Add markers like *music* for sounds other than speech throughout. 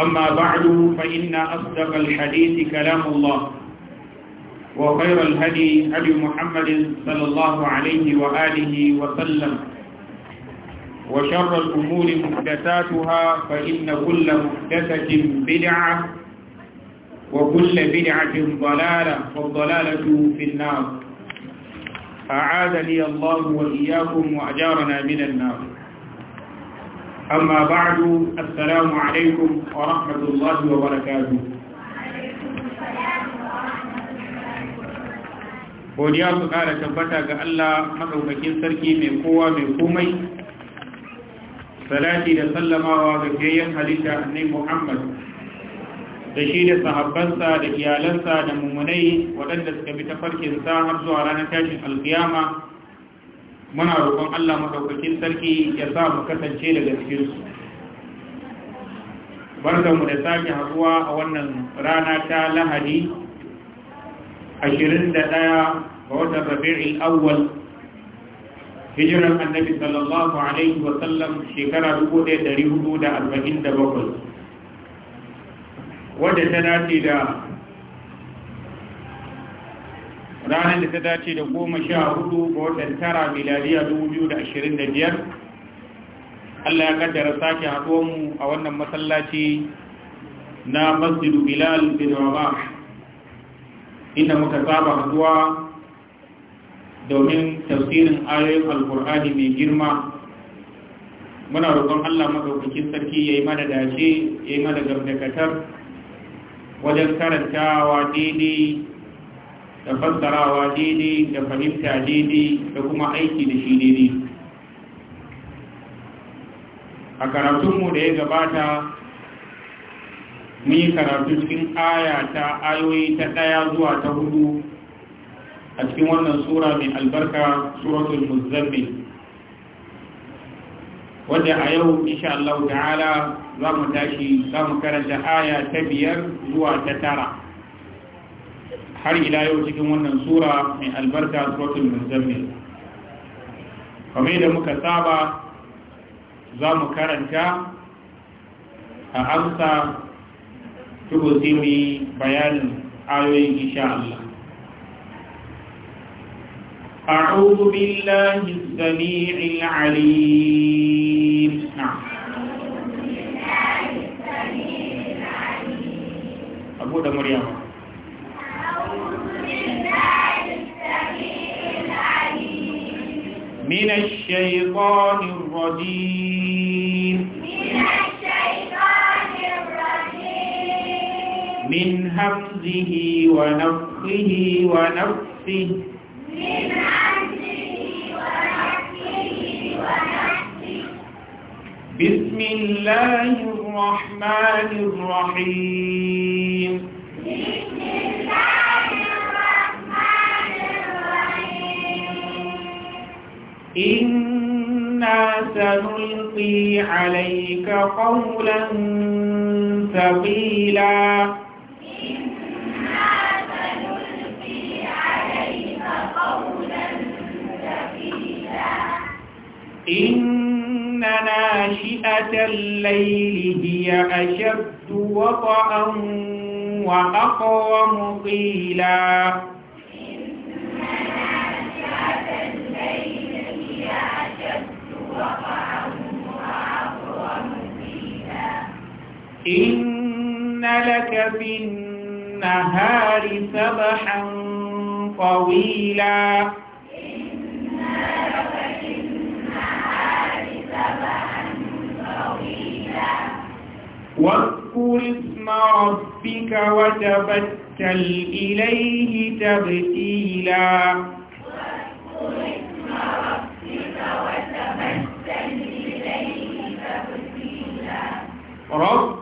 أما بعد فإن أصدق الحديث كلام الله وخير الهدي أبي محمد صلى الله عليه وآله وسلم وشر الأمور محدثاتها فإن كل محدثة بدعة وكل بدعة ضلالة والضلالة في النار أعادني الله وإياكم وأجارنا من النار أما بعد السلام عليكم ورحمة الله وبركاته godiya su ƙara tabbata ga Allah maɗaukakin sarki mai kowa mai komai salati da sallamawa ga fiyayyen halitta annai Muhammad da shi da sahabbansa da iyalansa da mummunai waɗanda suka bi ta sa har zuwa ranar tashin alkiyama muna roƙon Allah maɗaukakin sarki ya sa mu kasance daga cikinsu Bar da sake haɗuwa a wannan rana ta lahadi 21 ga watan rabi'ul awwal hijiran annabi sallallahu alaihi wa sallam shekara 1447 wadda ta dace da ranar da ta dace da goma sha hudu ga watan tara miliyariya dubu biyu da ashirin da biyar allah ya kaddara sake mu a wannan masallaci na masjidu bilal bin rama inda muka saba haduwa domin tafsirin ayoyin alkur'ani mai girma muna roƙon allah maɗaukakin sarki ya yi mana dace ya yi mana gamdakatar wajen karantawa daidai da fassarawa daidai da fahimta daidai da kuma aiki da shi daidai a karatunmu da ya gabata mun yi karatu cikin aya ta ayoyi ta ɗaya zuwa ta hudu a cikin wannan sura mai albarka suratul muzammil wanda a yau insha Allah ta'ala za mu tashi za mu karanta aya ta biyar zuwa ta tara har ila yau cikin wannan sura mai albarka suratul muzammil kamar da muka saba za mu karanta a amsa tuku sai bayanin ayoyin insha Allah أعوذ بالله السميع العليم نعم أبو مريم من الشيطان الرجيم من الشيطان الرجيم همزه ونفخه ونفسه من همزه ونفخه ونفسه بسم الله الرحمن الرحيم بسم الله إنا سنلقي عليك قولا ثقيلا إن ناشئة الليل هي أشد وطأ وأقوم قيلا إن لك في النهار سبحا طويلا واذكر اسم ربك وتبتل إليه تبتيلا رب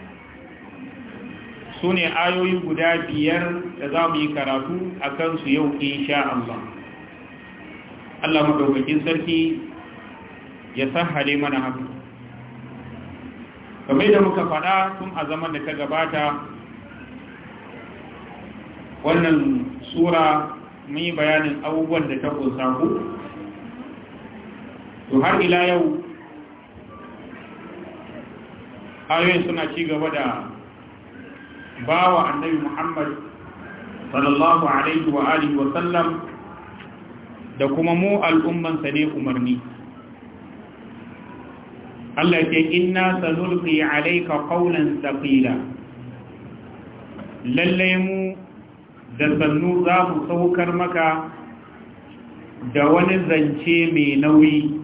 su ne ayoyi guda biyar da za mu yi karatu a kansu yau insha Allah Allah madaukakin sarki ya hale mana haka Kamai da muka faɗa tun a zaman da ta gabata wannan sura mun yi bayanin abubuwan da ta kunsa ku to har ila yau ayoyin suna ci gaba da bawa annabi muhammad sallallahu alaihi wa wa sallam da kuma mu al'ummansa ne umarni Allah ce inna sanulqi alayka qawlan thaqila lalle mu da sannu za mu saukar maka da wani zance mai nauyi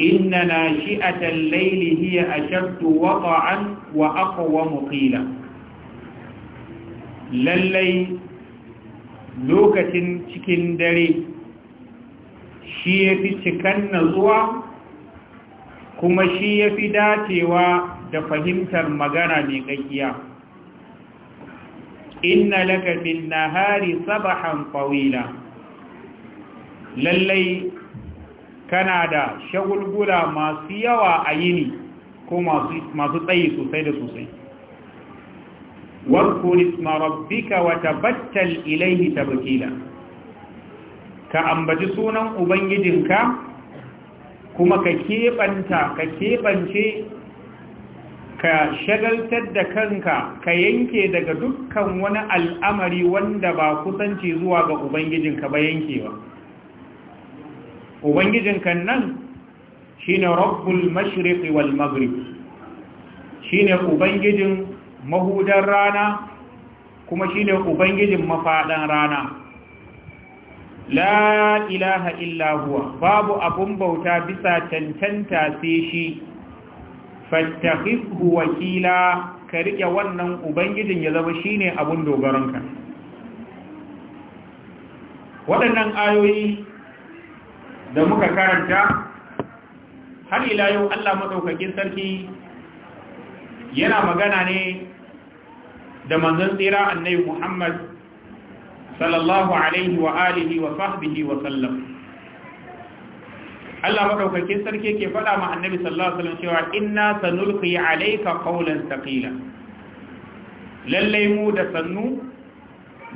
inna na shi a tallailihi a shabtu waƙa'an wa aƙawa muƙila lallai lokacin cikin dare shi ya fi cikan na zuwa kuma shi ya fi dacewa da fahimtar magana mai ƙaƙiya inna lakabin na hari sabahan fawila lallai kana da shagulgula masu yawa a yini ko masu tsayi sosai da sosai wadkur isma rabbika battal ilaihi ta bakila ka ambaci sunan ubangijinka kuma ka keɓanta ka keɓance ka shagaltar da kanka ka yanke daga dukkan wani al'amari wanda ba kusanci zuwa ga ubangijinka ba yankewa ubangijin kan nan shine rabbul mashriqi wal maghrib shine ubangijin mahudan rana kuma shine ubangijin mafadan rana la ilaha illa huwa babu abun bauta bisa tantanta sai shi fattakhidhu wakila ka rike wannan ubangijin ya zama shine abun dogaranka waɗannan ayoyi da muka karanta har ila yau Allah maɗaukakin sarki yana magana ne da manzon tsira annabi Muhammad sallallahu alaihi wa alihi wa sahbihi wa sallam Allah maɗaukakin sarki ke faɗa ma annabi sallallahu alaihi wa sallam cewa inna sanulqi ƙaunar qawlan thaqila lallai mu da sannu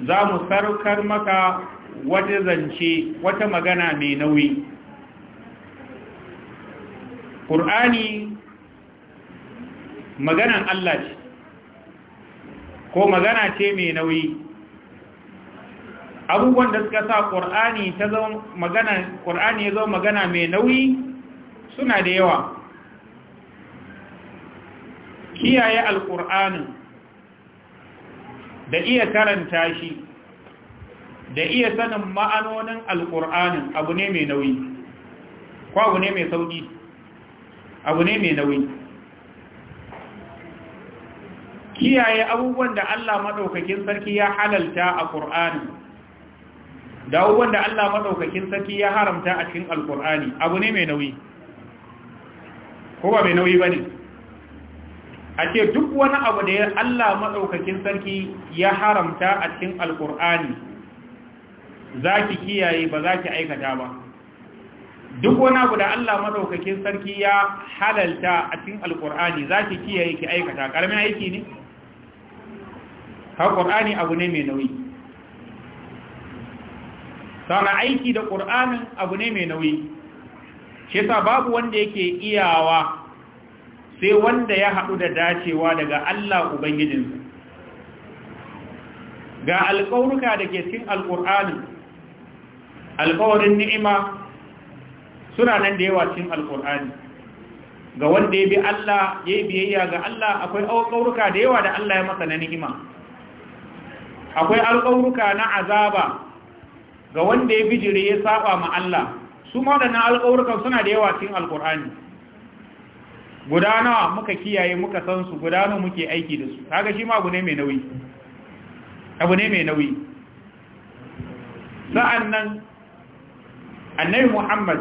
za mu sarkar maka wata zance wata magana mai nauyi ƙur'ani maganan Allah ce ko magana ce mai nauyi abubuwan da suka sa ƙur'ani ta zo magana ƙur'ani ya zama magana mai nauyi suna da yawa kiyaye alƙur'anin da iya karanta shi da iya sanin ma'anonin alƙur'anin abu ne mai nauyi ko abu ne mai sauƙi abu ne mai nauyi kiyaye abubuwan da Allah maɗaukakin sarki ya halalta a Ƙur'ani. da abubuwan da Allah maɗaukakin sarki ya haramta a cikin alƙur'ani abu ne mai nauyi ko ba mai nauyi ba ne a ce duk wani abu da Allah maɗaukakin sarki ya haramta a cikin alƙur'ani za ki kiyaye ba za ki aikata ba duk wani abu da Allah madaukakin sarki ya halalta a cikin alkur'ani za ki kiyaye ki aikata karamin aiki ne har abu ne mai nauyi sana aiki da qur'anin abu ne mai nauyi shi yasa babu wanda yake iyawa sai wanda ya haɗu da dacewa daga Allah ubangijinsa ga alƙaunuka da ke cikin alkur'ani alkawarin ni'ima suna nan da yawa cikin alkur'ani ga wanda ya bi Allah ya yi biyayya ga Allah akwai alƙawurka da yawa da Allah ya masa na ni'ima akwai alƙawurka na azaba ga wanda ya bijire ya saba ma Allah su ma da na alƙawurkan suna da yawa cikin alkur'ani guda nawa muka kiyaye muka san su guda nawa muke aiki da su kaga shi ma abu ne mai nauyi abu ne mai nauyi sa'annan annabi muhammad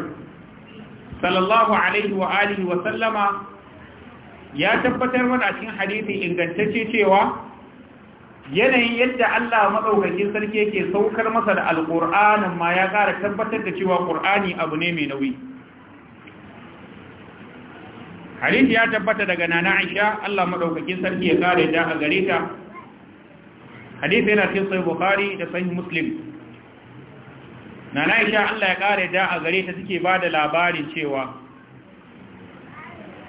sallallahu alaihi wa alihi wa sallama ya tabbatar mana cikin hadisi ingantacce cewa yanayin yadda Allah madaukakin sarki yake saukar masa da alqur'anin ma ya kara tabbatar da cewa qur'ani abu ne mai nauyi hadisi ya tabbata daga nana Aisha Allah madaukakin sarki ya kare da a ta hadisi yana cikin sahih Bukhari da sahih Muslim na na'isha Allah ya kare da a gare ta suke ba da labarin cewa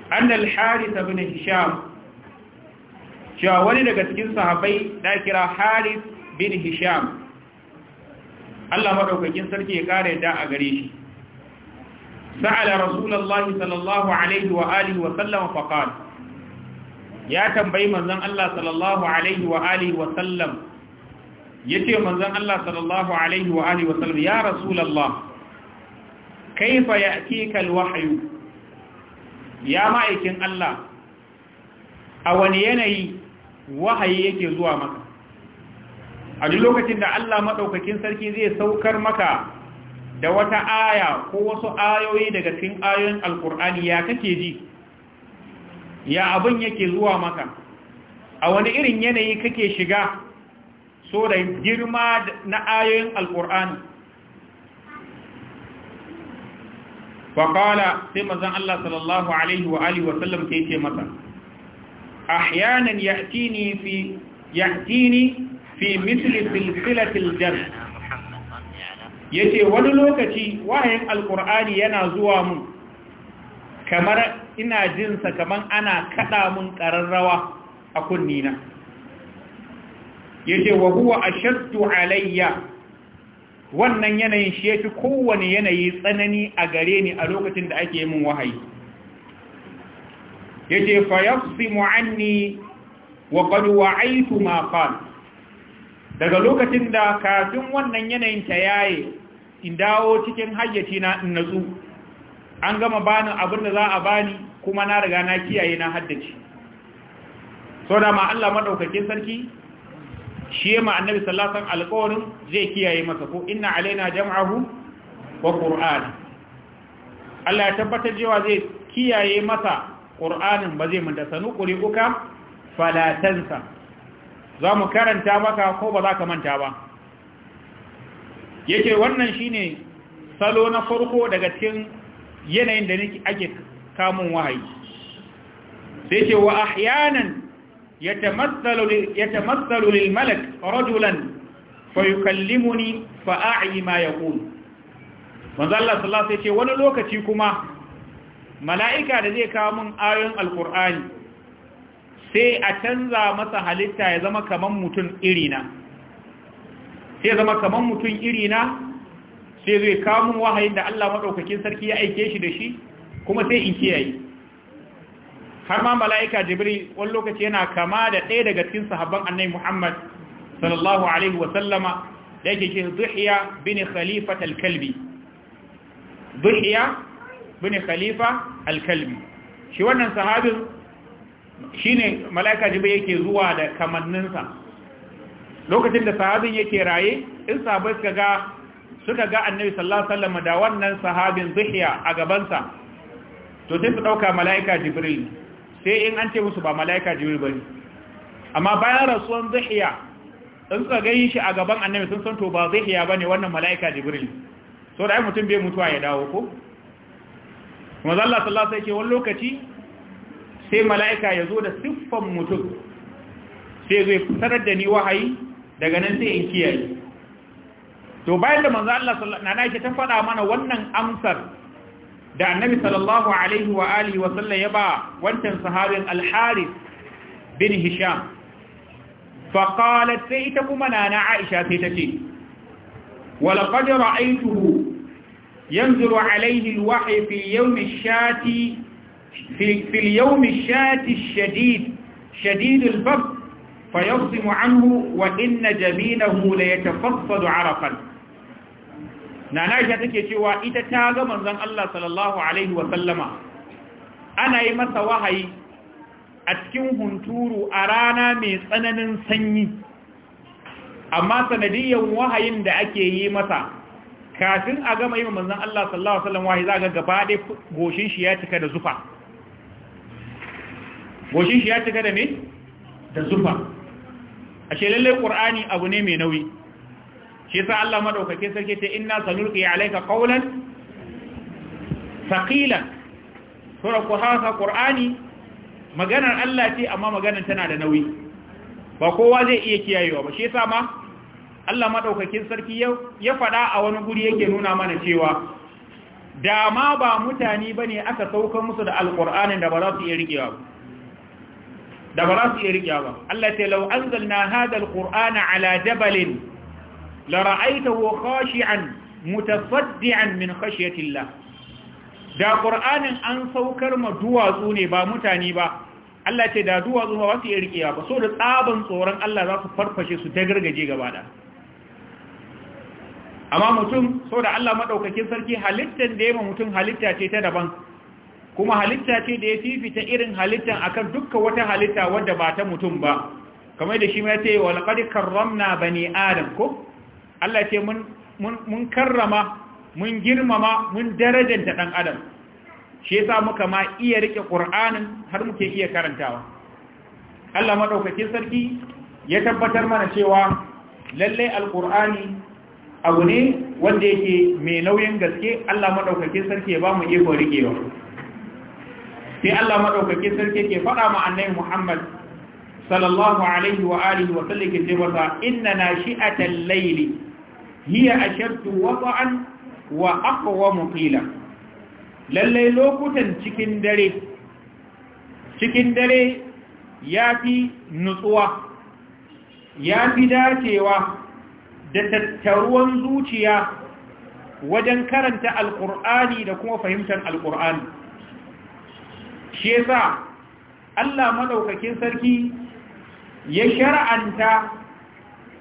annal harith bin hisham cewa wani daga cikin sahabbai da kira harith bin hisham Allah madaukakin sarki ya kare da a gare shi sa'ala rasulullahi sallallahu alaihi wa alihi wa sallam faqala ya tambayi manzon Allah sallallahu alaihi wa alihi wa sallam Ya yace manzon Allah sallallahu alaihi wa alihi wa ya rasulullah kaifa ya'tika alwahyu ya ma'aikin Allah a wani yanayi wahayi yake zuwa maka a duk lokacin da Allah Maɗaukakin sarki zai saukar maka da wata aya ko wasu ayoyi daga cikin ayoyin alkur'ani ya kake ji ya abin yake zuwa maka a wani irin yanayi kake shiga so da girma na ayoyin alkur'ani faƙala sai mazan Allah sallallahu Alaihi wa Alihi wasallam ta yake mata ahyanan ya'tini fi ya'tini fi misli silsilatil jar yace wani lokaci wahayin alkur'ani yana zuwa mun kamar ina jinsa kamar ana kaɗa mun ƙararrawa a kunnina yace wa huwa ashaddu alayya wannan yanayin shi yafi kowane yanayi tsanani a gare ni a lokacin da ake min wahayi yace fa yaqsimu anni wa qad wa'aytu ma daga lokacin da kafin wannan yanayin ta yaye in dawo cikin hayyaci na in natsu an gama bani abin da za a bani kuma na riga na kiyaye na haddaci so da ma Allah madaukakin sarki shi ma annabi sallasan alkawarin zai kiyaye masa ko inna alaina jam'ahu wa ƙur'ani Allah ya tabbatar cewa zai kiyaye masa ƙur'anin ba zai manta sanu ƙuri'uka falatansa za mu karanta maka ko ba za ka manta ba yake wannan shine salo na farko daga cikin yanayin da ake kamun wahayi sai ce wa ahyanan يتمثل للملك رجلا فيكلمني فأعي ما يقول manzo Allah sallallahu alaihi wasallam wani lokaci kuma mala'ika da zai kawo min ayoyin alqur'ani sai a canza masa halitta ya zama kaman mutum irina sai ya zama kaman mutum irina sai zai kawo min wahayin da Allah madaukakin sarki ya aike shi da shi kuma sai in kiyaye har ma mala'ika jibril wani lokaci yana kama da ɗaya daga cikin sahabban annai muhammad sallallahu alaihi wa wasallama da yake ce zuhiya bin khalifa alkalbi zuhiya bin khalifa kalbi shi wannan sahabin shi ne mala'ika jibril yake zuwa da kamanninsa lokacin da sahabin yake raye in sahabai suka ga suka ga annabi sallallahu alaihi wasallama da wannan sahabin zuhiya a gabansa to sai su ɗauka mala'ika jibril sai in an ce musu ba mala'ika jibril bane amma bayan rasuwan zuhiya in suka gani shi a gaban annabi sun san to ba zuhiya bane wannan mala'ika jibril so da mutum bai mutuwa ya dawo ko kuma zalla sallallahu alaihi wasallam wani lokaci sai mala'ika ya zo da siffan mutum sai zai fitar da ni wahayi daga nan sai in kiyaye to bayan da manzo Allah sallallahu alaihi wasallam na ta faɗa mana wannan amsar da annabi sallallahu alaihi wa alihi wa sallam ya ba wancan sahabin al-Harith bin Hisham fa qalat sai ita kuma nana Aisha sai tace wa laqad ra'aytuhu yanzuru alaihi al-wahy fi yawm ash-shati fi عليه yawm في shati الشات shadid al-bab fa شديد anhu wa inna jabinahu la ليتفصد عرقا na Aisha take cewa ita ta ga manzon Allah sallallahu alaihi wa sallama ana yi masa wahayi a cikin hunturu a rana mai tsananin sanyi amma sanadiyyar wahayin da ake yi masa kafin a gama yi manzon Allah sallallahu alaihi wa sallam wahayi za ga gaba ɗaya goshin shi ya cika da zufa goshin shi ya cika da me da zufa ashe lalle qur'ani abu ne mai nauyi shi Allah madaukake sarki ce inna sanulqi alayka qawlan thaqilan sura kuhafa qur'ani maganar Allah ce amma maganar tana da nauyi ba kowa zai iya kiyayewa ba shi sa ma Allah maɗaukakin sarki ya faɗa a wani guri yake nuna mana cewa da ma ba mutane ne aka sauka musu da alqur'anin da ba za su iya rikewa ba da ba za su iya rikewa ba Allah ce law anzalna hadha alqur'ana ala jabalin lara'aitahu khashi'an mutasaddi'an min khashyatillah da qur'anin an saukar ma duwatsu ne ba mutane ba Allah ce da duwatsu ba su yi ba so da tsaban tsoron Allah za su farfashe su dagargaje gaba da amma mutum so da Allah madaukakin sarki halittan da yema mutum halitta ce ta daban kuma halitta ce da ya fifita irin halittan akan dukkan wata halitta wadda ba ta mutum ba kamar da shi ma ya ce wa laqad karramna bani adam ko Allah ce mun karrama mun girmama mun darajanta ɗan adam shi yasa muka ma iya rike ƙur'anin har muke iya karantawa Allah maɗaukakin sarki ya tabbatar mana cewa lallai alƙur'ani abu ne wanda yake mai nauyin gaske Allah maɗaukakin sarki ya ba mu iko riƙewa sai Allah maɗaukakin sarki ke faɗa ma annabi Muhammad sallallahu alaihi wa alihi wa sallam ke ce masa inna nashi'atal layli hiya ashaddu wata'an wa aqwamu qila lalle lokutan cikin dare cikin dare yafi nutsuwa yafi dacewa da tattaruwan zuciya wajen karanta alkur'ani da kuma fahimtar alkur'ani shi yasa Allah madaukakin sarki ya shara'anta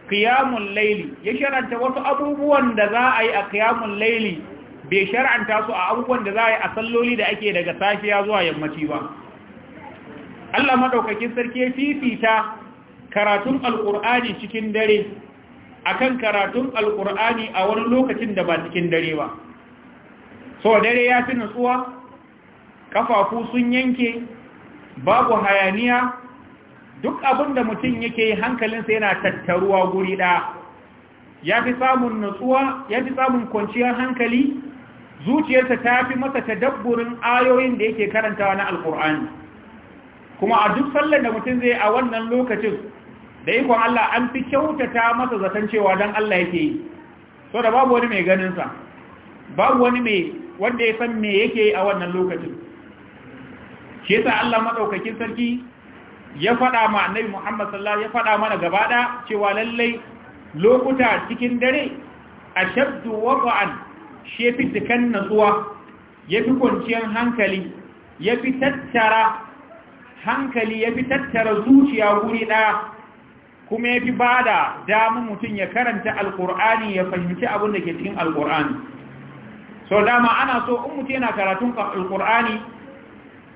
ƙiyamun laili ya shar'anta wasu abubuwan da za a yi a ƙiyamun laili bai shara'anta su a abubuwan da za a yi a salloli da ake daga safiya zuwa yammaci ba Allah madaukakin sarki ya fifita karatun alƙur'ani cikin dare akan karatun alƙur'ani a wani lokacin da ba cikin dare ba so dare ya fi nutsuwa kafafu sun yanke babu hayaniya duk abin da mutum yake hankalinsa yana tattaruwa guri ɗaya ya fi samun nutsuwa ya fi samun kwanciyar hankali zuciyarsa ta fi masa ta dabburin ayoyin da yake karantawa na alkur'ani kuma a duk sallar da mutum zai a wannan lokacin da ikon Allah an fi kyautata masa zaton cewa don Allah yake yi so da babu wani mai ganinsa babu wani mai wanda ya san me yake yi a wannan lokacin shi yasa Allah madaukakin sarki ya faɗa ma annabi Muhammad sallallahu ya faɗa mana gaba ɗaya cewa lallai lokuta cikin dare ashaddu waqa'an shi fi natsuwa yafi kwanciyar hankali yafi tattara hankali yafi tattara zuciya guri ɗaya kuma yafi bada damu mutum ya karanta alqur'ani ya fahimci abin da ke cikin alqur'ani so dama ana so in mutum yana karatun alqur'ani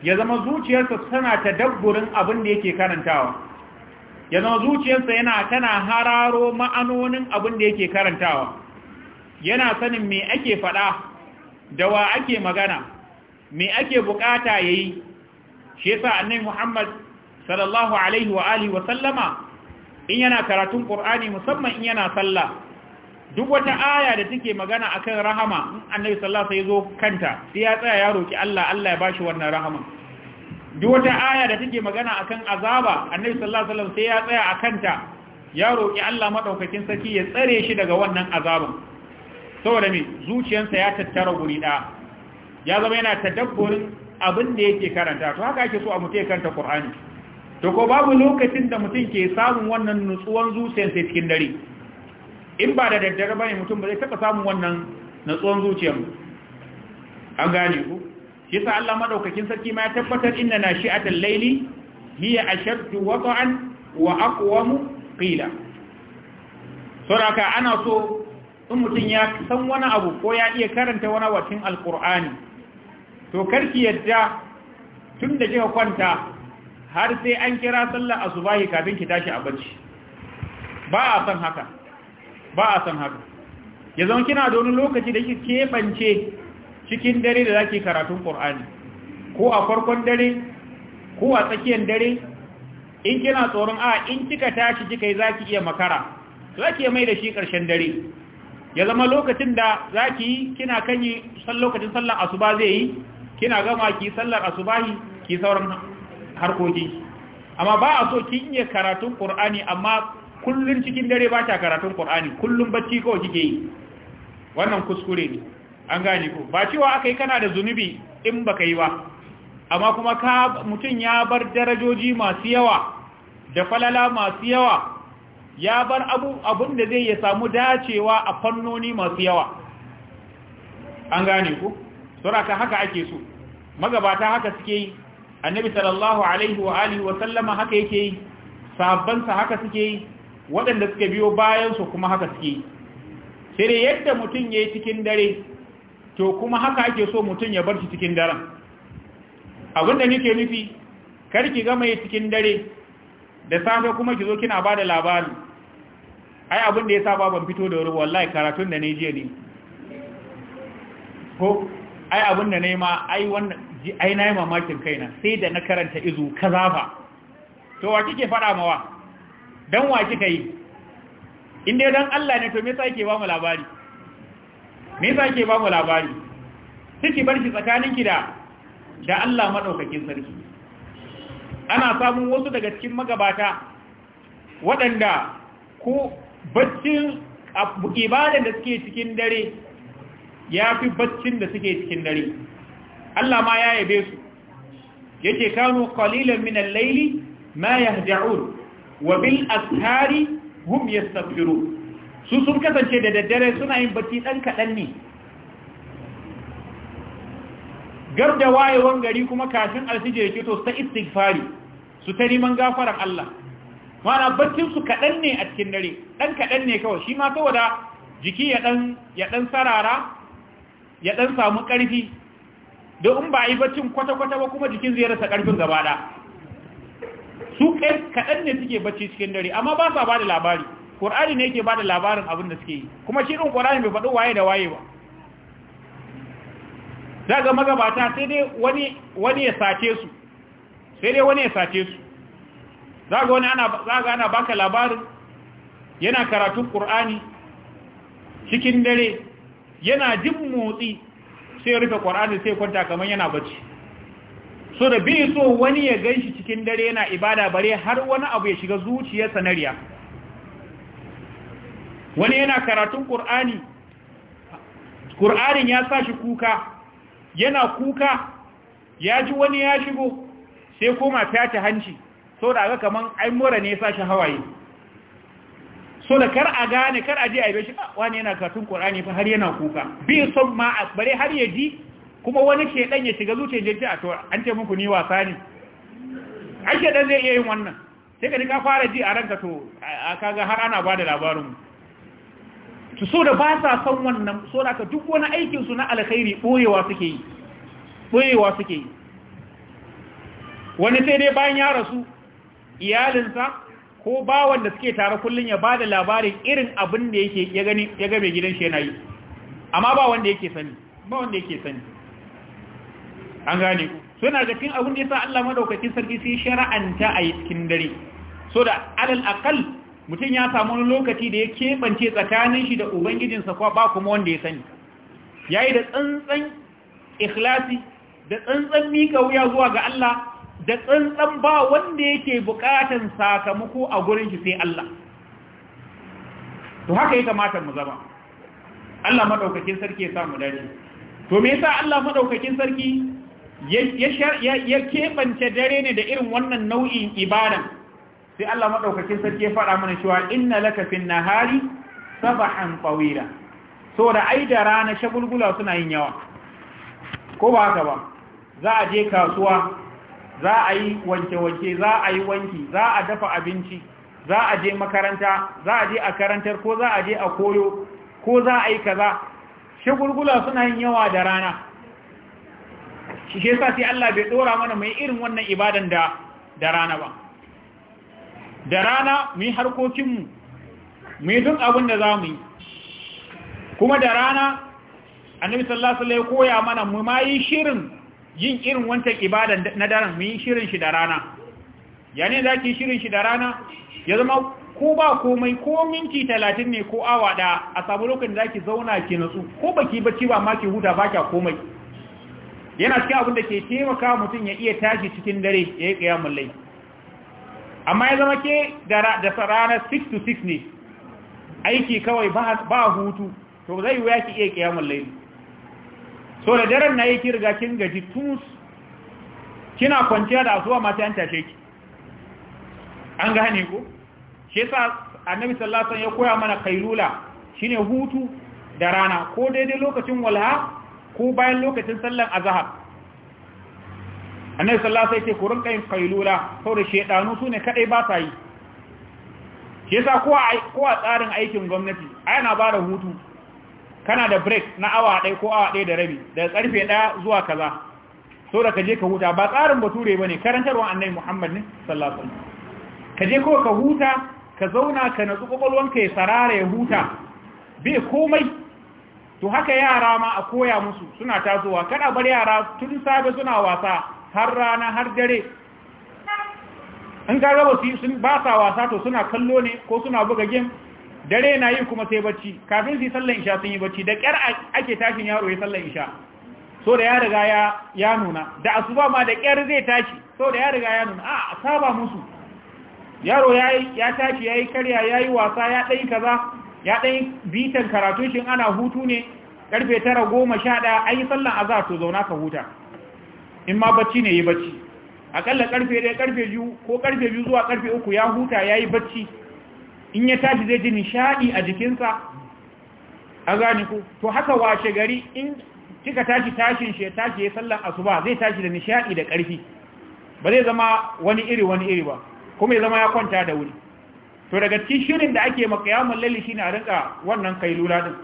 ya zama zuciyarsa tana ta tadabburin abin da yake karantawa ya zama zuciyarsa yana tana hararo ma'anonin abin da yake karantawa yana sanin me ake faɗa da wa ake magana me ake bukata yayi shi yasa annabi Muhammad sallallahu alaihi wa alihi wa sallama in yana karatun Qur'ani musamman in yana sallah duk wata aya da take magana akan rahama annabi sallallahu alaihi wasallam zo kanta sai ya tsaya ya roki Allah Allah ya bashi wannan rahama duk wata aya da take magana akan azaba annabi sallallahu alaihi wasallam sai ya tsaya a kanta ya roki Allah madaukakin saki ya tsare shi daga wannan azaban. saboda me zuciyarsa ya tattara guri da ya zama yana tadabburin abin da yake karanta to haka ake so a mutai kanta Qur'ani to ko babu lokacin da mutum ke samun wannan nutsuwan zuciyarsa cikin dare in ba da daddare ba ne mutum ba zai taba samun wannan na zuciya zuciyar an gane ku shi sa Allah madaukakin sarki ma ya tabbatar inna nashi'atal layli hiya ashaddu wata'an wa aqwamu qila saboda ana so in mutum ya san wani abu ko ya iya karanta wani wacin alkur'ani to karki yadda tun da kika kwanta har sai an kira sallar asubahi kafin ki tashi a bacci ba a san haka ba a san haka ya zama kina da wani lokaci da ke keɓance cikin dare da zaki karatun ƙur'ani ko a farkon dare ko a tsakiyar dare in kina tsoron a in kika tashi kika yi zaki iya makara zaki iya mai da shi ƙarshen dare ya zama lokacin da zaki yi kina kan yi lokacin sallar asuba zai yi kina gama ki sallar asubahi ki sauran harkoki amma ba a so kin yi karatun Qur'ani amma Kullum cikin dare ba ta karatun Qur'ani Kullum bacci kawai kike yi wannan kuskure ne an gane ko ba cewa akai kana da zunubi in baka yi ba amma kuma ka mutun ya bar darajoji masu yawa da falala masu yawa ya bar abun da zai ya samu dacewa a fannoni masu yawa an gane ku suraka haka ake so magabata haka suke yi annabi sallallahu alaihi wa alihi wa sallama haka yake yi sa haka suke yi waɗanda suka biyo bayan su kuma haka suke sai yadda mutum ya yi cikin dare to kuma haka ake so mutum ya bar shi cikin daren abinda nake nufi kar ki gama yi cikin dare da safe kuma ki zo kina ba da labari ai abin da ya saba ban fito da wuri wallahi karatun da na jiya ne ko ai abin da na yi ma ai wannan ai na yi mamakin kaina sai da na karanta izu kaza ba to wa kike faɗa mawa dan wa kika yi in dai dan Allah ne to me yasa yake ba mu labari me yasa ba mu labari kike bar shi tsakaninki da da Allah maɗaukakin sarki ana samun wasu daga cikin magabata waɗanda ko baccin ibadan da suke cikin dare ya fi baccin da suke cikin dare Allah ma ya yabe su yake kanu qalilan min al-layli ma yahja'un wa bil ashari hum yastaghfiru su sun kasance da daddare suna yin bacci dan kadan ne gar da wayewan gari kuma kafin alfije yake to ta istighfari su ta man gafaran Allah mana baccin su kadan ne a cikin dare dan kadan ne kawai shi ma saboda jiki ya dan ya dan sarara ya dan samu karfi da in ba yi baccin kwata-kwata ba kuma jikin zai rasa karfin gaba su kaɗan ne suke bacci cikin dare amma ba sa ba da labari ƙur'ani ne yake bada da labarin abin da suke yi kuma shi ɗin ƙur'ani bai faɗi waye da waye ba za ga magabata sai dai wani ya sace su sai dai wani ya sace su za wani ana baka labarin yana karatun ƙur'ani cikin dare yana jin motsi sai rufe ƙwar'ani sai kwanta kamar yana bacci so da bi so wani ya gan shi cikin dare yana ibada bare har wani abu ya shiga zuciyarsa na riya wani yana karatun ƙur'ani ƙur'anin ya sa kuka yana kuka ya ji wani ya shigo sai koma fyace hanci so da aga kaman ai mura ne ya sa shi hawaye so da kar a gane kar a je a yi shi ah, wani yana karatun ƙur'ani fa har yana kuka bi son ma bare har ya ji kuma wani shedan ya shiga zuciyar jirgi a to an ce muku ni wasa ne ai shedan zai iya yin wannan sai ka ka fara ji a ranka to kaga har ana bada labarin mu su so da ba sa son wannan so da ka duk wani aikin su na alkhairi boyewa suke yi boyewa suke yi wani sai dai bayan ya rasu iyalinsa ko bawan da suke tare kullun ya bada labarin irin abin da yake ya gani ya ga mai gidan shi yana yi amma ba wanda yake sani ba wanda yake sani an gane ku suna da cikin abin da yasa Allah madaukakin sarki sai shara'anta a cikin dare so da alal aqal mutum ya samu wani lokaci da ya keɓance tsakanin shi da ubangijinsa ko ba kuma wanda ya sani yayi da tsantsan ikhlasi da tsantsan mika wuya zuwa ga Allah da tsantsan ba wanda yake bukatan sakamako a gurin shi sai Allah to haka ya kamata mu zama Allah madaukakin sarki ya samu dace to me yasa Allah madaukakin sarki ya keɓance dare ne da irin wannan nau'in ibadan sai Allah maɗaukakin sarki ya faɗa mana cewa inna laka fin nahari sabahan fawila so da ai da rana shagulgula suna yin yawa ko ba haka ba za a je kasuwa za a yi wanke-wanke za a yi wanki za a dafa abinci za a je makaranta za a je a karantar ko za a je a koyo ko za a yi kaza shagulgula suna yin yawa da rana shi ke sa sai Allah bai dora mana mai irin wannan ibadan da da rana ba da rana mu yi harkokinmu mu yi duk abin da za mu yi kuma da rana annabi sallallahu alaihi wasallam koya mana mu ma yi shirin yin irin wancan ibadan na daren mu yi shirin shi da rana Ya yani ki shirin shi da rana ya zama ko ba komai ko minti talatin ne ko awa ɗaya a samu lokacin da ki zauna ki natsu ko baki bacci ba ma ki huta ba kya komai yana cikin abin da ke taimaka mutum ya iya tashi cikin dare ya yi ƙiyamun lai amma ya zama ke da ranar 6 to 6 ne aiki kawai ba hutu to zai wuya ki iya ƙiyamun lai so da daren na yi riga kin gaji tunus kina kwanciya da asuwa mata yan tashe ki an gane ko shi yasa annabi sallallahu alaihi wasallam ya koya mana kailula shine hutu da rana ko daidai lokacin walha ko bayan lokacin sallan azhar annabi sallallahu alaihi wasallam sai ku rinka yin kailula saboda shedanu sune kadai ba sa yi shi yasa ko a tsarin aikin gwamnati ai na bada hutu kana da break na awa ɗaya ko awa ɗaya da rabi da karfe ɗaya zuwa kaza so da kaje ka huta ba tsarin bature bane karantarwa annabi Muhammad ne sallallahu alaihi wasallam kaje ko ka huta ka zauna ka natsu ka ya sarara ya huta bai komai to haka yara ma a koya musu suna tasowa kada bar yara tun safe suna wasa har rana har dare in ka raba su sun ba sa wasa to suna kallo ne ko suna buga game dare na yi kuma sai bacci kafin su yi sallan isha sun yi bacci da kyar ake tashin yaro ya sallan isha so da ya riga ya ya nuna da asuba ma da kyar zai tashi so da ya riga ya nuna a saba musu yaro ya ya tashi yayi karya yayi wasa ya dai kaza ya ɗan bitan karatun shi ana hutu ne ƙarfe tara goma sha ɗaya yi sallan a za su zauna ka huta in ma bacci ne yi bacci aƙalla ƙarfe ɗaya ƙarfe biyu ko ƙarfe biyu zuwa ƙarfe uku ya huta ya yi bacci in ya tashi zai ji nishaɗi a jikinsa a gani ku to haka washe gari in kika tashi tashin shi ya tashi ya sallan asuba zai tashi da nishaɗi da ƙarfi ba zai zama wani iri wani iri ba kuma ya zama ya kwanta da wuri to daga cikin shirin da ake makayamun lalle shine a rinka wannan kailula din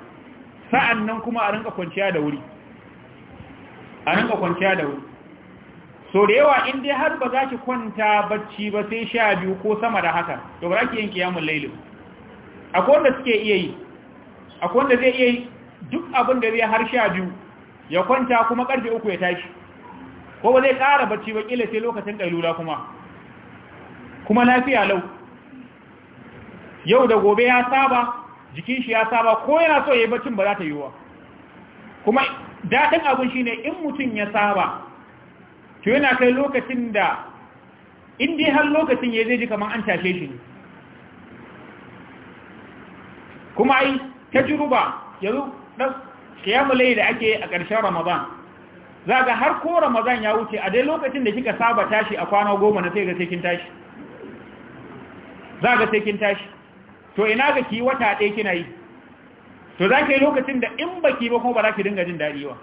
sa'annan kuma a rinka kwanciya da wuri a rinka kwanciya da wuri so da yawa in dai har ba za ki kwanta bacci ba sai sha biyu ko sama da haka to ba za ki yin kiyamun laili akwai wanda suke iya yi akwai wanda zai iya yi duk abin da zai har sha biyu ya kwanta kuma karfe uku ya tashi ko ba zai kara bacci ba kila sai lokacin kailula kuma kuma lafiya lau yau da gobe ya saba jikin shi ya saba ko yana so ya yi bacin ba za ta wa kuma daɗin abin shine in mutum ya saba to yana kai lokacin da in dai har lokacin ya zai ji kamar an tashe shi ne kuma ai ta juruba yanzu ɗan kiyamulai da ake a ƙarshen ramadan za ga har ko ramadan ya wuce a dai lokacin da kika saba tashi a kwana goma na sai ga sai tashi za ga sai kin tashi to ina ga ki wata ɗaya kina yi to za ka yi lokacin da in baki ba kuma ba za ki dinga jin daɗi ba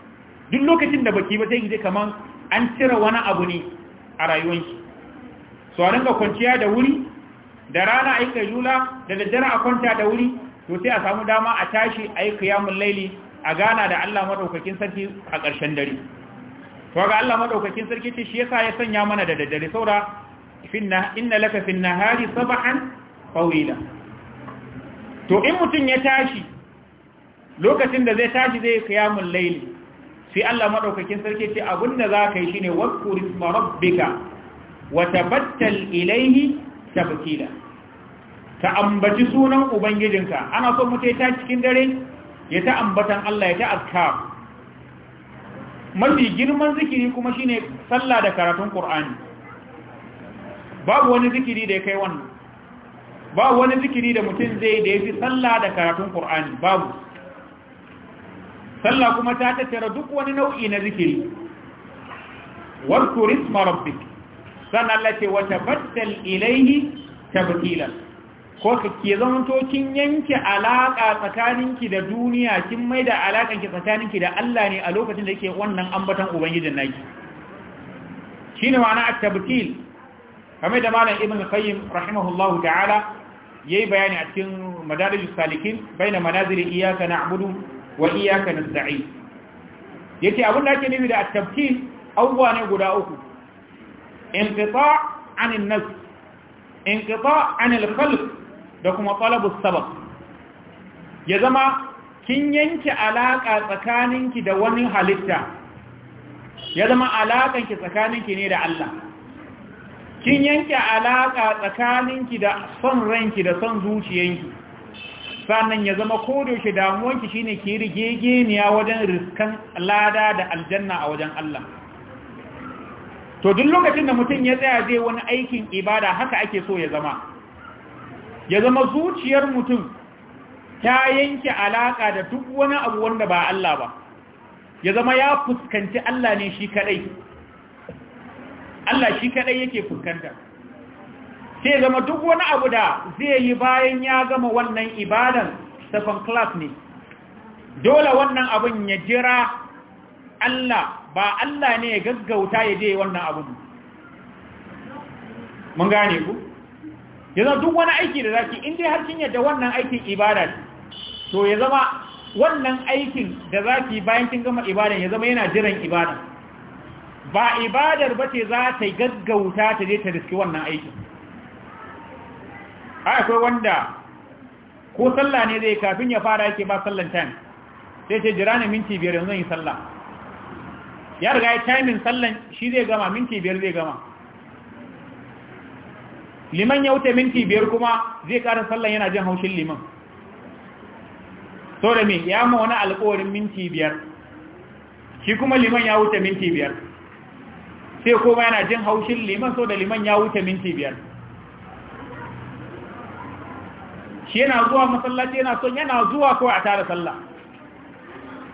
duk lokacin da baki ba sai ki je kaman an cire wani abu ne a rayuwanki so a dinga kwanciya da wuri da rana a yi kajula da daddare a kwanta da wuri to sai a samu dama a tashi a yi kiyamun laili a gana da Allah maɗaukakin sarki a ƙarshen dare to ga Allah maɗaukakin sarki ce shi yasa ya sanya mana da daddare saura inna laka fi nahari sabahan fawila to in mutum ya tashi lokacin da zai tashi zai kiyamun laili sai Allah madaukakin sarki ce abinda za ka yi shine wadkur isma rabbika wa tabattal ilaihi tabtila ta ambaci sunan ubangijinka ana so mutum ya tashi cikin dare ya ta ambatan Allah ya ta azka mafi girman zikiri kuma shine sallah da karatun qur'ani babu wani zikiri da ya kai wannan ba wani zikiri da mutum zai da ya fi sallah da karatun ƙur'ani babu sallah kuma ta tattara duk wani nau'i na zikiri turist marabbi sannan lafi wata baddal ilaihi ta tabtila ko kike zamanto kin yanke alaƙa tsakaninki da duniya kin mai da ki tsakaninki da Allah ne a lokacin da yake wannan ambatan ubangijin naki shine ma'ana at-tabtil kamar da malam ibn qayyim rahimahullahu ta'ala yayi bayani a cikin madarijus salikin baina manazili iyyaka na'budu wa iyyaka nasta'in yace abin da ake nufi da at-tabkin awwa ne guda uku inqita' an an-nas inqita' an al-khalq da kuma talab as-sabab ya zama kin yanke alaka tsakaninki da wani halitta ya zama alakanki tsakaninki ne da Allah kin yanke alaka tsakaninki da son ranki da son zuciyanki sannan ya zama ko kodayaushe damuwanki shine ki rigegeniya wajen riskan lada da aljanna a wajen Allah to duk lokacin da mutum ya tsaya zai wani aikin ibada haka ake so ya zama ya zama zuciyar mutum ta yanke alaka da duk wani abu wanda ba Allah ba ya zama ya fuskanci Allah ne shi kadai Allah shi kaɗai yake fuskanta sai zama duk wani abu da zai yi bayan ya gama wannan ibadan safan class ne dole wannan abun ya jira Allah ba Allah ne ya gaggauta ya je wannan abun mun gane ku ya zama duk wani aiki da zaki in dai har kin yadda wannan aikin ibada to ya zama wannan aikin da zaki bayan kin gama ibadan ya zama yana jiran ibada ba ibadar ba ce za ta gaggauta ta je ta riski wannan aikin akwai wanda ko sallah ne zai kafin ya fara yake ba sallan time sai ce jira ne minti biyar yanzu yi sallah ya riga ya timin sallan shi zai gama minti biyar zai gama liman ya wuce minti biyar kuma zai ƙara sallan yana jin haushin liman so da me ya ma wani alƙawarin minti biyar shi kuma liman ya wuce minti biyar sai kuma yana jin haushin liman so da liman ya wuce minti biyar shi yana zuwa masallaci yana son yana zuwa kawai a tara sallah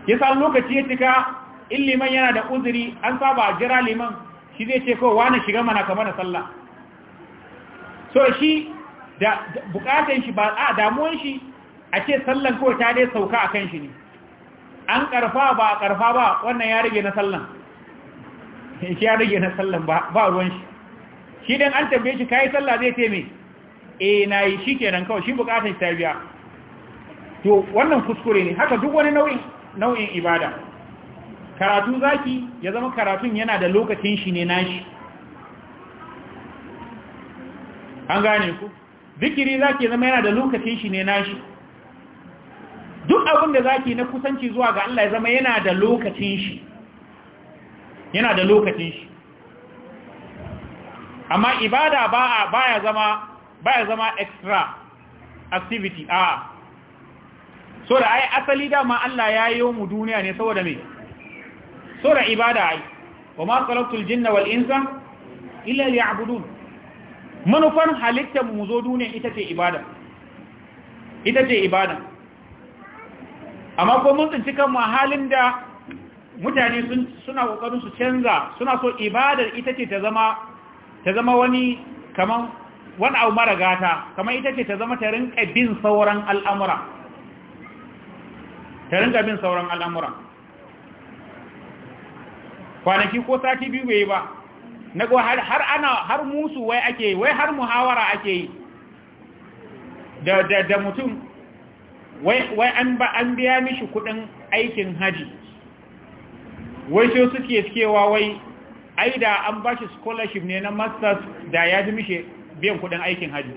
sa lokaci ya cika in liman yana da uzuri an saba a jira liman shi zai ce kawai wani shiga mana kama da sallah so shi da bukatan shi ba a damuwan shi a ce sallan kawai ta dai sauka a kan shi ne an karfa ba a karfa ba wannan ya rage na sallan shi ya rage na sallan ba ruwan shi shi dan an tambaye shi kai sallah zai ce me eh nayi shikenan kawai shi bukatar ta biya to wannan kuskure ne haka duk wani nau'in nau'in ibada karatu zaki ya zama karatun yana da lokacin shi ne nashi an gane ku zikiri zaki ya zama yana da lokacin shi ne nashi duk abin da zaki na kusanci zuwa ga Allah ya zama yana da lokacin shi yana da lokacin shi amma ibada ba baya zama baya zama extra activity a so da ai asali dama Allah ya yi mu duniya ne saboda me so da ibada ai wa ma khalaqtul jinna wal insa illa liya'budun manufan halitta mu zo duniya ita ce ibada ita ce ibada amma ko mun tsinci kan mu halin da mutane suna kokarin su canza suna so ibadar ita ce ta zama ta zama wani kaman wani abu mara gata kaman ita ce ta zama ta rinka bin sauran al'amura ta rinka bin sauran al'amura kwanaki ko sati biyu bai ba na go har har ana har musu wai ake wai har muhawara ake yi da da da mutum wai wai an ba an biya mishi kudin aikin haji wai sai suke cewa wai ai da an ba shi scholarship ne na masters da ya ji mishi biyan kudin aikin haji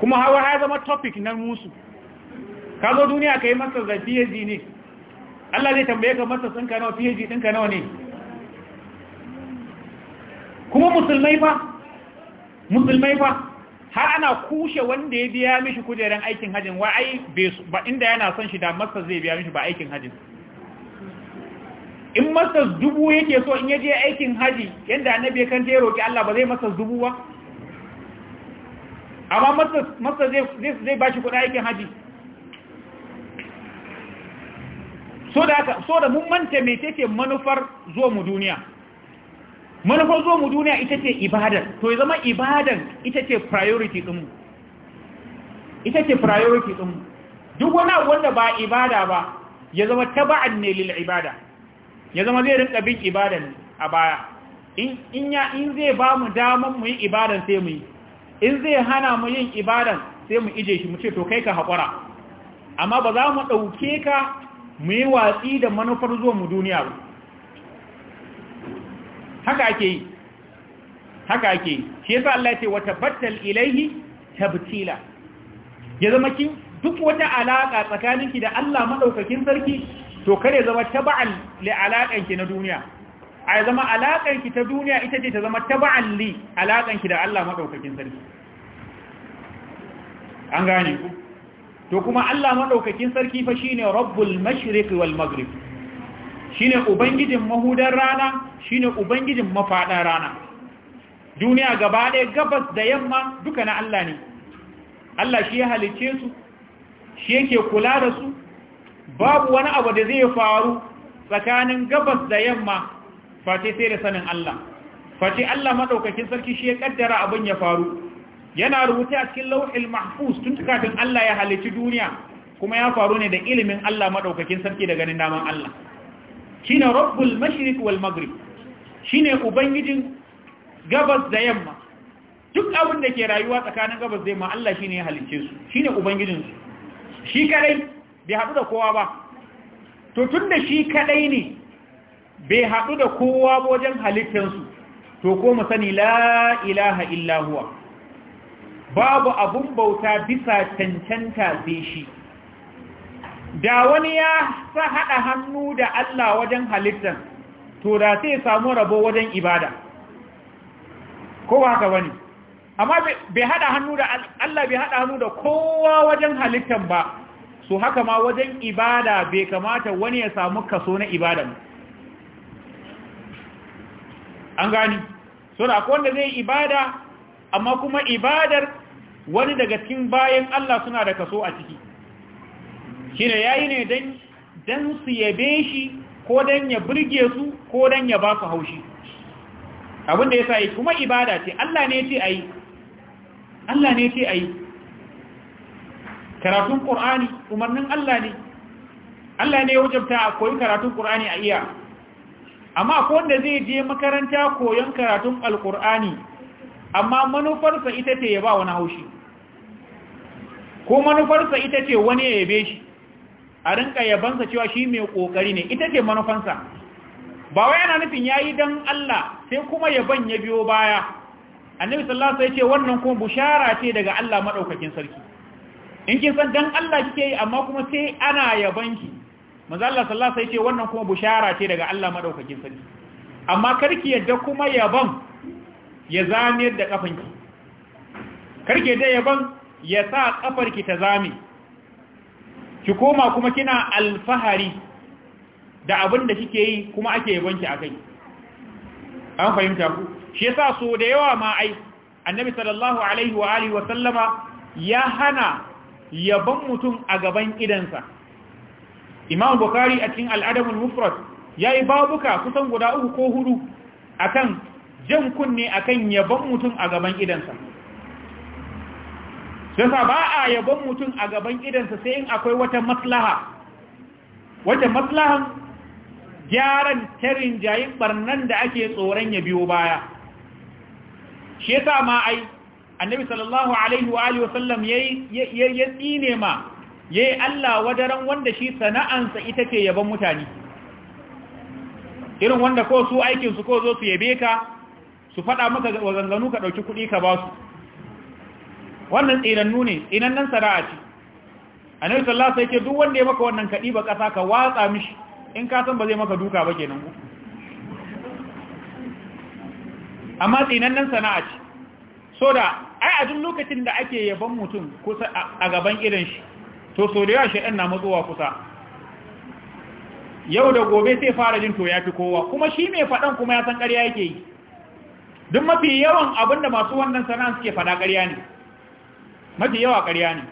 kuma hawa ya zama topic na musu ka zo duniya ka yi masters da phd ne Allah zai tambaye ka masters ɗinka nawa phd ɗinka nawa ne kuma musulmai fa musulmai fa har ana kushe wanda ya biya mishi kujeran aikin hajin wa ai ba inda yana son shi da masters zai biya mishi ba aikin hajin in masa dubu yake so in yaje aikin haji yanda annabi kan je roki Allah ba zai masa dubu ba amma masa masa zai zai bashi kudin aikin haji so da so da mun manta me take manufar zuwa mu duniya manufar zuwa mu duniya ita ce ibada. to ya zama ibada ita ce priority din mu ita ce priority din mu duk wani abu wanda ba ibada ba ya zama taba'an ne lil ibada ya zama zai rinka bin ibadan a baya in ya in zai ba mu daman mu yi ibadan sai mu yi in zai hana mu yin ibadan sai mu ije shi mu ce to kai ka haƙura amma ba za mu ɗauke ka mu yi watsi da manufar zuwa mu duniya ba haka ake yi haka ake yi shi yasa Allah ya ce wata battal ilaihi tabtila ya zama kin duk wata alaka tsakaninki da Allah madaukakin sarki to kare zama taba'an li alaƙanki na duniya a zama alaƙanki ta duniya ita ce ta zama taba'an li alaƙanki da Allah maɗaukakin sarki an gane ku to kuma Allah maɗaukakin sarki fa shine rabbul mashriq wal Shi shine ubangijin mahudan rana shine ubangijin mafaɗa rana duniya gaba ɗaya gabas da yamma duka na Allah ne Allah shi ya halicce su shi yake kula da su babu wani abu da zai faru tsakanin gabas da yamma face sai da sanin Allah face Allah madaukakin sarki shi ya kaddara abin ya faru yana rubuta a cikin lauhil mahfuz tun kafin Allah ya halici duniya kuma ya faru ne da ilimin Allah madaukakin sarki da ganin daman Allah shine rabbul mashriq wal maghrib shine ubangijin gabas da yamma duk abin da ke rayuwa tsakanin gabas da yamma Allah shine ya halice su shine ubangijin su shi kadai bai haɗu da kowa ba to tun da shi kaɗai ne bai haɗu da kowa wajen halittarsu to ko mu sani la ilaha illahuwa babu abun bauta bisa cancanta zai shi da wani ya sa haɗa hannu da Allah wajen halittar to da sai samu rabo wajen ibada ko ba haka wani amma bai haɗa hannu da Allah bai haɗa hannu da kowa wajen halittar ba su haka ma wajen ibada bai kamata wani ya samu kaso na ibada. an gani suna wanda zai ibada amma kuma ibadar wani daga cikin bayan Allah suna da kaso a ciki shi ne ya yi ne don su yabe shi ko don ya burge su ko don ya ba su haushi abinda ya sa yi kuma ibada ce Allah ne ce a Allah ne ce a karatun qur'ani umarnin Allah ne Allah ne ya wajabta a koyi karatun qur'ani a iya amma akwai wanda zai je makaranta koyon karatun alqur'ani amma manufarsa ita ce ya ba wani haushi ko manufarsa ita ce wani ya yabe shi a rinka yabansa cewa shi mai kokari ne ita ce manufansa ba wai yana nufin yayi dan Allah sai kuma yaban ya biyo baya annabi sallallahu alaihi wasallam ya ce wannan kuma bushara ce daga Allah madaukakin sarki in kin san dan Allah kike yi amma kuma sai ana yabanki. ki manzo Allah sallallahu alaihi wasallam sai ce wannan kuma bushara ce daga Allah madaukakin sarki amma karki yadda kuma yaban ya zamiyar da kafanki karki yadda yaban ya sa kafarki ta zame ki koma kuma kina alfahari da abin da kike yi kuma ake yabanki akai an fahimta ku shi yasa so da yawa ma ai annabi sallallahu alaihi wa alihi wa sallama ya hana yaban mutum a gaban idansa imam bukari a cikin al'adabul mufrad ya yi babuka kusan guda uku ko hudu akan jan kunne akan yaban mutum a gaban idansa sasa ba a yaban mutum a gaban idansa sai in akwai wata maslaha wata maslahan gyaran tarin jayin ɓarnan da ake tsoron ya biyo baya shi ma ai annabi sallallahu alaihi wa alihi wasallam ya tsine ma ya yi Allah wadaran wanda shi sana'ansa ita ce yaban mutane irin wanda ko su aikinsu ko zo su yabe ka su faɗa maka wazanganu ka ɗauki kuɗi ka ba su wannan tsirannu ne nan sara'a ce annabi sallallahu alaihi wasallam duk wanda ya maka wannan kaɗi ba ƙasa ka watsa mishi in ka san ba zai maka duka ba kenan amma tsinannan sana'a ce so da ai a duk lokacin da ake yaban mutum kusa a gaban irin shi to so da yawa shaidan na matsowa kusa yau da gobe sai fara jin to ya fi kowa kuma shi mai faɗan kuma ya san ƙarya yake yi duk mafi yawan abin da masu wannan sana'a suke faɗa ƙarya ne mafi yawa ƙarya ne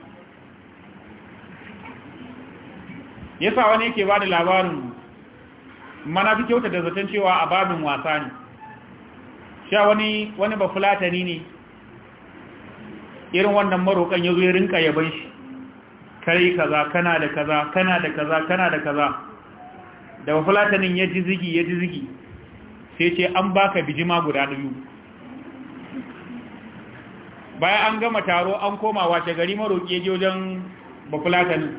yasa wani yake ba da labarin mana fi kyauta da zaton cewa a babin wasa ne sha wani wani bafulatani ne irin wannan marokan ya zo ya rinka yaban shi kai kaza kana da kaza kana da kaza kana da kaza da fulatanin ya ji zigi ya ji zigi sai ce an baka bijima guda biyu bayan an gama taro an koma wace gari maroƙi ya ji wajen bafulatanin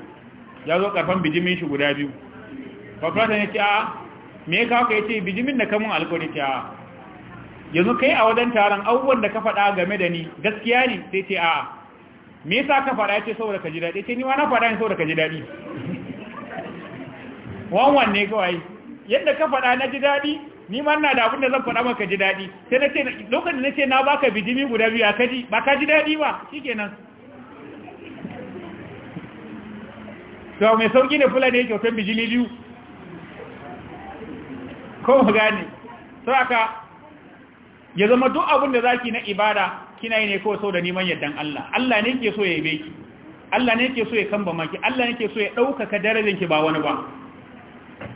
ya zo karfan bijimin shi guda biyu bafulatanin ya ce a me ka haka ya ce bijimin da kamun alkawari ce a yanzu kai a wajen taron abubuwan da ka faɗa game da ni gaskiya ne sai ce a'a me yasa ka faɗa yace saboda ka ji daɗi ce ni ma na faɗa ne saboda ka ji daɗi *laughs* wanwan ne kawai yadda ka faɗa na ji daɗi ni ma ina da abin da zan faɗa maka ji daɗi sai na ce lokacin na ce na baka bijimi guda biyu ka ji ba ka ji daɗi ba shikenan *laughs* to mai sauki ne fulani yake kyautar bijimi biyu ko mu gane to aka ya zama duk abin da zaki na ibada kina yi ne kawai sau da neman yardan Allah Allah ne yake so ya yabe ki Allah ne yake so ya kamba maki Allah ne yake so ya ɗaukaka darajar ki ba wani ba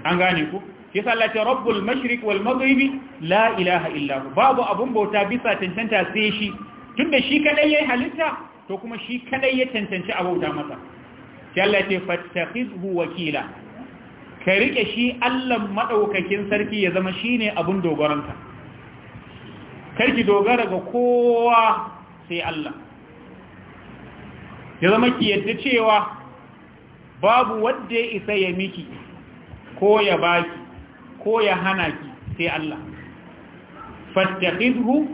an gane ku yasa Allah ta rabbul mashriq wal maghribi la ilaha illa hu babu abun bauta bisa tantanta sai shi tunda shi kadai yayi halitta to kuma shi kadai ya tantance bauta masa sai Allah ta fattakhizhu wakila ka rike shi Allah madaukakin sarki ya zama shine abun dogoranka karki dogara ga kowa sai Allah ya zama ki yadda cewa babu wadda ya isa ya miki ko ya baki ko ya hana ki sai Allah fattakhidhu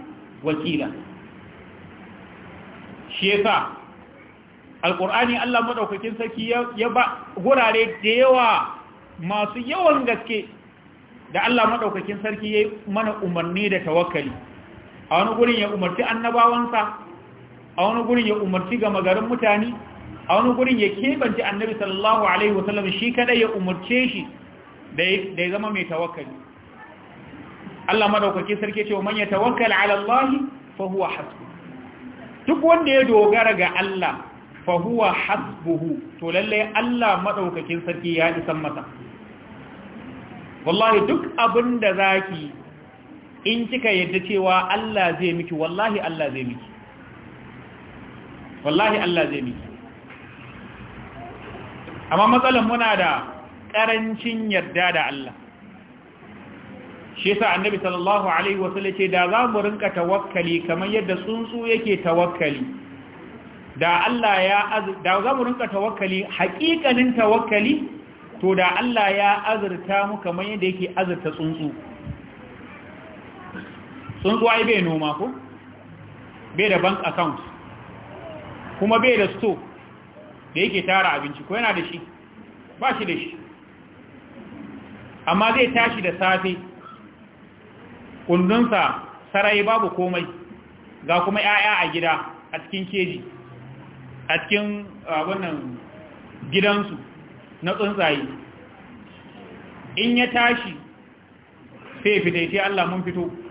wakila shi yasa alqur'ani Allah madaukakin saki ya ba gurare da yawa masu yawan gaske da Allah madaukakin sarki yayi mana umarni da tawakkali a wani gurin ya umarci annabawansa a wani gurin ya umarci gama garin mutane a wani gurin ya kebanci annabi sallallahu alaihi wasallam shi kadai ya umarce shi da ya zama mai tawakkali Allah madaukake sarki cewa man ya tawakkala ala Allah fa huwa hasbu duk wanda ya dogara ga Allah fa huwa hasbuhu to lalle Allah madaukakin sarki ya isan masa wallahi duk abinda zaki in kika yadda cewa Allah zai miki wallahi Allah zai miki wallahi Allah zai miki amma matsalan muna da karancin yarda da Allah shi yasa annabi sallallahu alaihi wasallam ce da za mu rinka tawakkali kamar yadda tsuntsu yake tawakkali da Allah ya da za mu rinka tawakkali haƙiƙanin tawakkali to da Allah ya azurta mu kamar yadda yake azurta tsuntsu sun ai bai noma ko bai da bank account kuma bai da store da yake tara abinci ko yana da shi ba shi da shi amma zai tashi da safe kundinsa sarai babu komai ga kuma 'ya'ya a gida a cikin keji a cikin uh, wannan gidansu na tsuntsaye in ya tashi sai fita Allah mun fito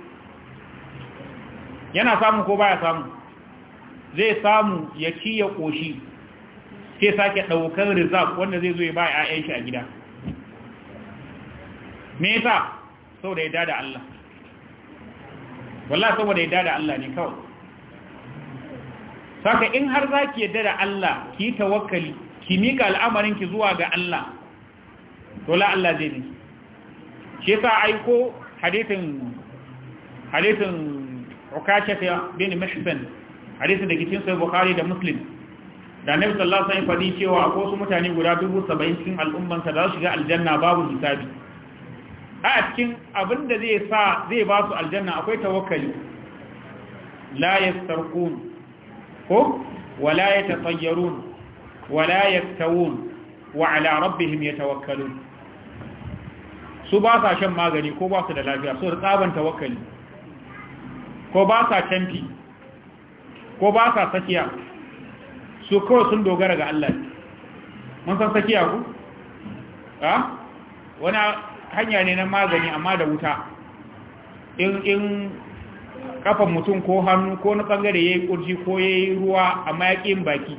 yana samu ko baya samu zai samu ya ci ya koshi sai sake daukar rizab wanda zai zo ya ba ƴaƴan shi a gida me yasa saboda ya dada Allah wallahi saboda ya dada Allah ne kawai saka in har zaki yadda da Allah ki tawakkali ki mika al'amarin ki zuwa ga Allah to la Allah zai ne shi yasa aiko hadithin hadithin ukasha bin mashban hadisin da cikin sai bukhari da muslim da Nabi sallallahu alaihi wasallam fadi cewa akwai wasu mutane guda 70 cikin al'umman sa za su shiga aljanna babu hisabi a cikin abin da zai sa zai ba su aljanna akwai tawakkali la yastarqun ko wala yatatayyarun wala yaktawun wa ala rabbihim yatawakkalun su ba sa shan magani ko ba su da lafiya so tsaban tawakkali ko ba sa canfi ko ba sa sakiya su kawai sun dogara ga Allah mun san sakiya ku? ha? wani hanya ne na magani amma da wuta in kafan mutum ko hannu ko na bangare ya yi ƙurji ko ya yi ruwa a ya baki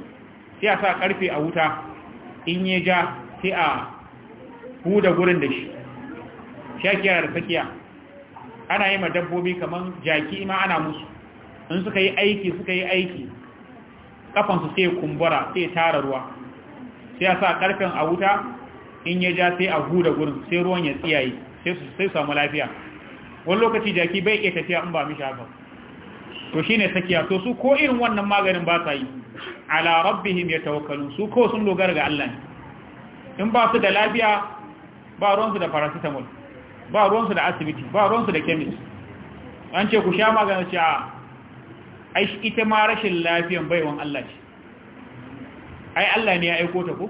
sai a sa ƙarfe a wuta in ya ja sai a huda gurin da shi shakiya da sakiya ana yi ma dabbobi kamar jaki ma ana musu in suka yi aiki suka yi aiki kafansu sai kumbura sai tara ruwa sai sa karfin a wuta in ya ja sai a huda gurin sai ruwan ya tsiyaye sai su samu lafiya wani lokaci jaki bai iya tafiya in ba mishi haka to shine sakiya to su ko irin wannan maganin ba sa yi ala rabbihim yatawakkalun su ko sun dogara ga Allah in ba su da lafiya ba ruwansu da paracetamol ba ruwansu da asibiti ba ruwansu da kemis an ce ku sha magana ce a aishi ita ma rashin lafiyan baiwan Allah ce ai Allah ne ya aiko ta ko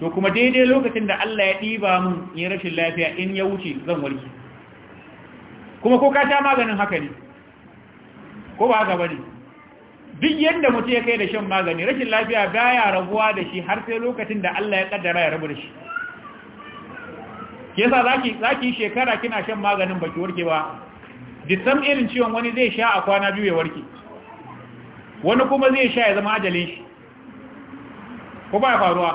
to kuma daidai lokacin da Allah ya ɗiba mun yi rashin lafiya in ya wuce zan warke kuma ko ka sha maganin haka ne ko ba haka bane duk yanda mutum ya kai da shan magani rashin lafiya baya rabuwa da shi har sai lokacin da Allah ya kaddara ya rabu da shi yasa zaki zaki shekara kina shan maganin baki warke ba disam irin ciwon wani zai sha a kwana biyu ya warke wani kuma zai sha ya zama ajalin shi ko ba faruwa